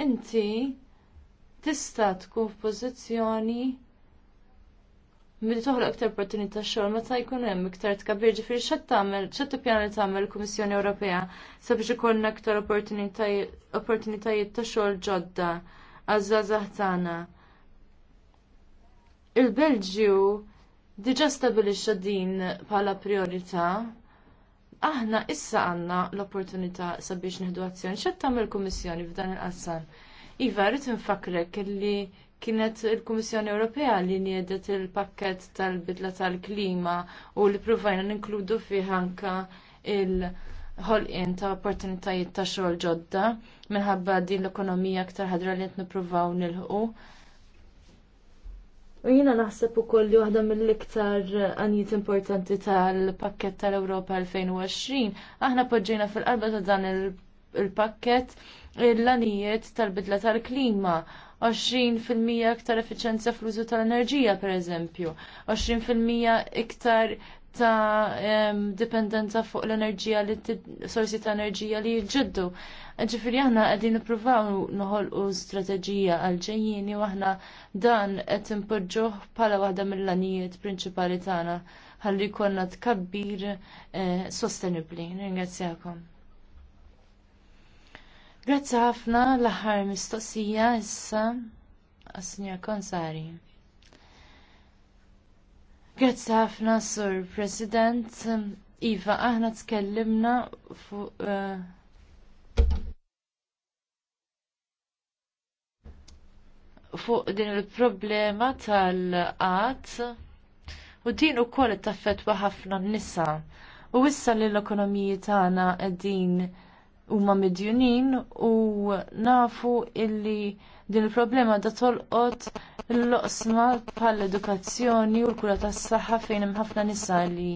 inti tista' tkun f'pożizzjoni milli toħloq iktar opportunità xogħol meta jkun hemm iktar tkabbir ġifieri x'qed tagħmel x'qed tippjana li tagħmel il-Kummissjoni Ewropea sabiex ikollna iktar opportunitajiet ta' xogħol ġodda għaż-żgħażagħ tagħna. Il-Belġju diġà stabilixxa din bħala priorità aħna issa għandna l-opportunità sabiex nieħdu azzjoni x'qed tagħmel il-Kummissjoni f'dan il-qassam. Iva, rrit nfakrek li kienet il-Kummissjoni Ewropea li niedet il-pakket tal-bidla tal-klima u li provajna ninkludu fih anka il-ħolqien ta' opportunitajiet ta' xogħol ġodda minħabba din l-ekonomija aktar ħadra li qed nippruvaw nilħu. U jiena naħseb ukoll li waħda mill-iktar għanijiet importanti tal-pakket tal-Ewropa 2020, aħna poġġejna fil-qalba ta' dan il-pakket il għanijiet tal-bidla tal-klima 20% iktar efficienza fl-użu tal-enerġija pereżempju, 20% iktar ta' dipendenza fuq l-enerġija li sorsi ta' enerġija li jġiddu. Ġifiri aħna għedin nipruvaw noħolqu strateġija għal-ġejjini u aħna dan qed impoġġuh bħala waħda mill-lanijiet prinċipali tagħna ħalli jkollna tkabbir eh, sostenibbli. Ringrazzjakom. Grazzi ħafna l-aħħar mistoqsija issa għas-Sinjor Konsari. Grazzi ħafna Sur President. Iva, aħna tkellimna fuq eh, fuq din il-problema tal-qat u din ukoll taffet ħafna n-nisa. U issa li l-ekonomiji tagħna qegħdin huma midjunin u nafu illi din il-problema da tolqot l-loqsma bħal edukazzjoni u l-kura tas saħħa fejn hemm ħafna nisa li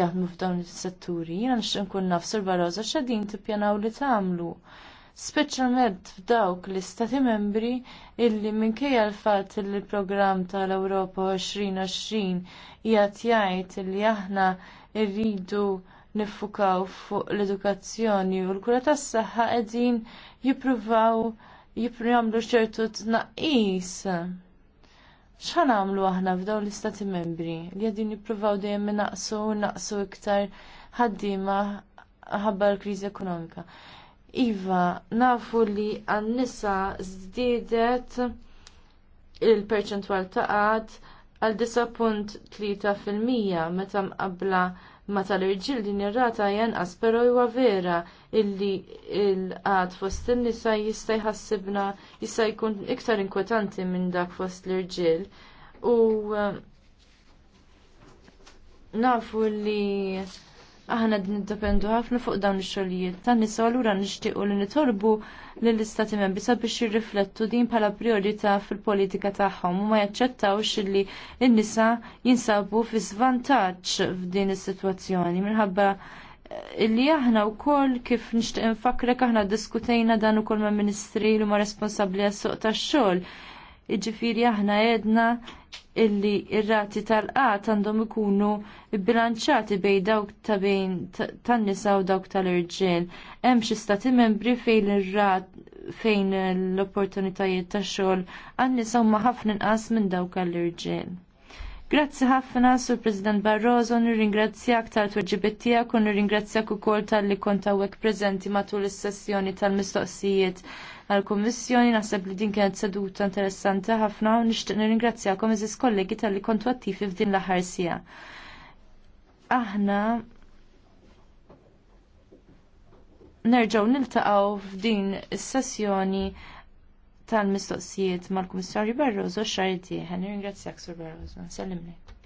jaħdmu f'dawn is-setturi. Jiena nixtieq nkun naf sur Barroża x'għedin tippjanaw li tagħmlu. Speċjalment f'dawk l-istati membri illi minkejja l-fatt li l-programm tal-Ewropa 2020 jgħat jgħid li aħna rridu niffukaw fuq l-edukazzjoni u l-kura tas-saħħa qegħdin jippruvaw jagħmlu ċertu tnaqqis. X'ħan għamlu aħna f'dawn l-istati membri li qegħdin jippruvaw dejjem naqsu u naqsu iktar ħaddiema ħabba l-kriżi ekonomika. Iva, nafu li għan-nisa żdiedet il-perċentwal ta' għad għal 9.3% meta mqabbla ma tal-irġil din ir-rata jenqas però huwa vera illi il-qad fost in-nisa jista' jħassibna jista' jkun iktar inkwetanti minn dak fost l-irġil. U eh, nafu li aħna din dependu ħafna fuq dawn ix-xogħlijiet ta' nisa allura nixtiequ li nitolbu lill-istati membri sabiex jirriflettu din bħala priorità fil-politika tagħhom u ma jaċċettawx illi n-nisa jinsabu fi svantaġġ f'din is-sitwazzjoni minħabba eh, illi aħna u koll kif nixtieq nfakrek aħna diskutejna dan ukoll ma' ministri li ma' responsabbli għas-suq tax-xogħol. Iġifieri aħna għedna illi r rati tal-qat għandhom ikunu bilanċati bejn dawk ta' bejn tan-nisa u dawk tal-irġiel. Hemm xi stati membri fejn ir-rat fejn l-opportunitajiet tax xogħol għan-nisa huma ħafna inqas minn dawk għall-irġiel. Grazzi ħafna sur President Barroso, nirringrazzjak tal-tweġibet tiegħek u nirringrazzjak ukoll tal-li kont hawnhekk preżenti matul is-sessjoni tal-mistoqsijiet għal kummissjoni naħseb li din kienet seduta interessanti ħafna u nixtieq nirringrazzjakom iżis kollegi tal-li kontu attivi f'din l-aħħar sija. Aħna nerġgħu niltaqgħu f'din is-sessjoni tal-mistoqsijiet mal-Kummissarju Barroso xarti. Ħan nirringrazzjak Sur Barroso. Sellimlek.